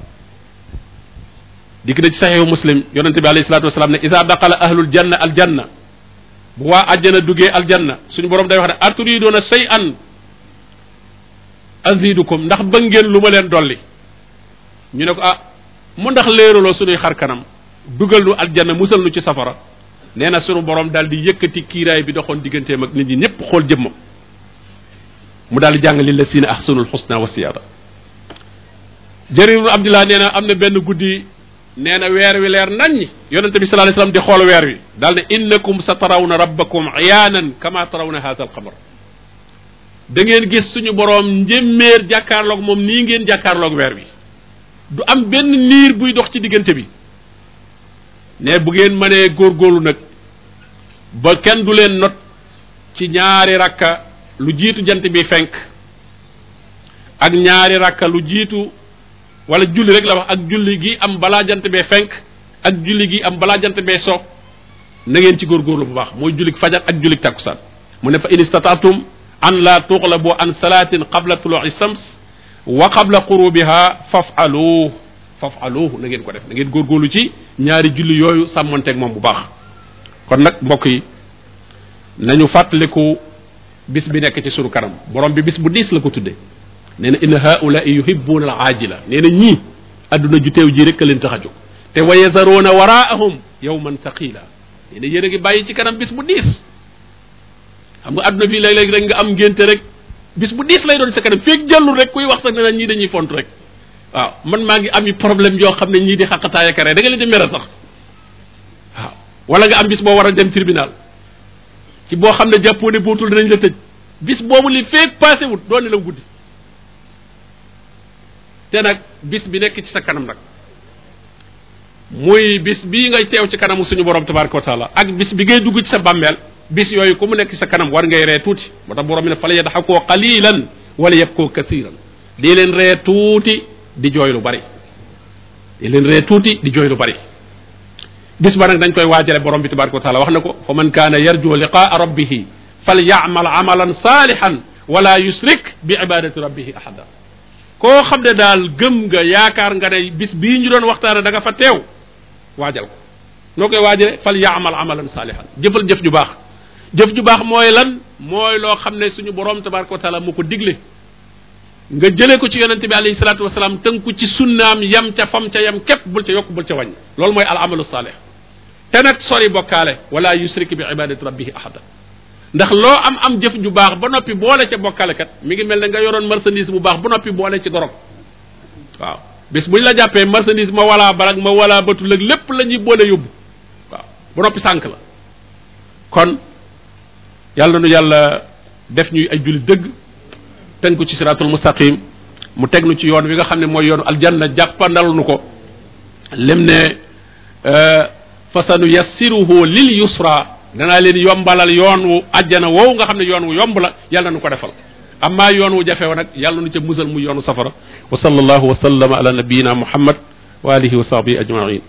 A: dikk na ci saxihu muslim yonente bi alayhi salatu wasalaam ne ida daqala ahlul janna aljanna bu waa àjjana duggee aljanna suñu borom day wax ne arturidoona shay'an azidukum ndax bëgg ngeen lu ma leen dolli ñu ne ko ah mu ndax léeraloo sunuy xar kanam dugal nu aljanna musal nu ci safara nee na sunu borom daal di yëkkati kiiraay bi doxoon digganteem ak nit ñi ñëpp xool jëmmam mu daal di jàng li la siina ahsanul xusna wa siyaada jarir ibnu abdillah nee na am na benn guddi nee na weer wi leer naññ yonente bi sallallahu alayhi di xool weer wi daal ne innakum sa tarawna rabbakum iyaanan kama tarawna hadha al qamar dangeen gis suñu boroom njëmmeer jàkkaarloog moom nii ngeen jàkkaarloog weer bi du am benn niir buy dox ci diggante bi ne bu ngeen góor góorlu nag ba kenn du leen not ci ñaari rakka lu jiitu jant bi fenk ak ñaari rakka lu jiitu wala julli rek la wax ak julli gi am balaa jant bee fenk ak julli gi am balaa jant bee so na ngeen ci góorgóorlu bu baax mooy jullik fajar ak jullik tàkkusaan mu ne fa in istataatum an la tuxlabu an salaatin qabla tuluci shams wa qabla qurubiha fafalu fafalu na ngeen ko def na ngeen góorgóorlu ci ñaari julli yooyu sàmmonteeg moom bu baax kon nag mbokk yi nañu fàttaliku bis bi nekk ci sunu kanam borom bi bis bu diis la ko tudde nee na inna haulaai yuhibuuna al aajila nee na ñii adduna ju teew ji rek a leen tax a jóg te wa yazaruuna waraahum yowman thaqila nee na yéen a ngi bàyyi ci kanam bis bu diis xam nga àdduna fii léeg-léeg rek nga am ngénte rek bis bu diis lay doon sa kanam feeg jëllul rek kuy wax sax ne ñii dañuy font rek waaw man maa ngi am i problème yoo xam ne ñii di xaqataaya kare da nga leen di mere sax waaw wala nga am bis boo war a dem tribunal ci boo xam ne jàppoo ne bootul dinañ la tëj bis boobu lii feeg passé wut doon la guddi te nag bis bi nekk ci sa kanam nag muy bis bii ngay teew ci kanamu suñu borom tabaraka wa taala ak bis bi ngay dugg ci sa bàmmeel bis yooyu ku mu nekk sa kanam war ngay ree tuuti moo tax borom mi ne fala yadxakoo qalilan wala yabkoo kasiran di leen ree tuuti di jooy lu bari di leen tuuti di jooy lu bari bis ba nag dañ koy waajale borom bi tabaraka wa taala wax na ko fa man kaana yarju liqaa rabbihi fal yaamal amalan saalihan wala yusrik bi ibadati rabbihi ahada koo xam ne daal gëm nga yaakaar nga ne bis bii ñu doon waxtaane da fa teew waajal ko noo koy waajale fal yaamal amalan saalihan jëfal jëf ju baax jëf ju baax mooy lan mooy loo xam ne suñu borom tabaraka wa taala moo ko digle nga jëlee ko ci yonente bi alayhi salaam wasalaam ko ci sunnaam yam ca fam ca yam képp bul ca yokk bul ca wàññ loolu mooy al amalu saalih te nag sori bokkaale wala yusrik bi ibadati rabbihi ahada ndax loo am am jëf ju baax ba noppi boole ca bokkaale kat mi ngi mel ne nga yoroon marchandise bu baax ba noppi boole ci dorog waaw bis bu ñu la jàppee marchandise ma walaa barak ma walaa batul ak lépp la ñuy boole yóbbu ba noppi sànk la yàlla nu yàlla def ñuy ay jullit dëgg tënku ci siratul mustaqim mu teg nu ci yoon wi nga xam ne mooy yoonu aljanna jàppandal nu ko lim ne fasanu yassiruhu lil yusra danaa leen yombalal yoon wu ajjana woowu nga xam ne yoon wu yomb la yàlla nu ko defal amma yoon wu jafe wa nag yàlla nu ca musal muy yoonu safara wa sallallahu wa sallama ala nabiyina muhammad wa alihi wa sahbihi ajmain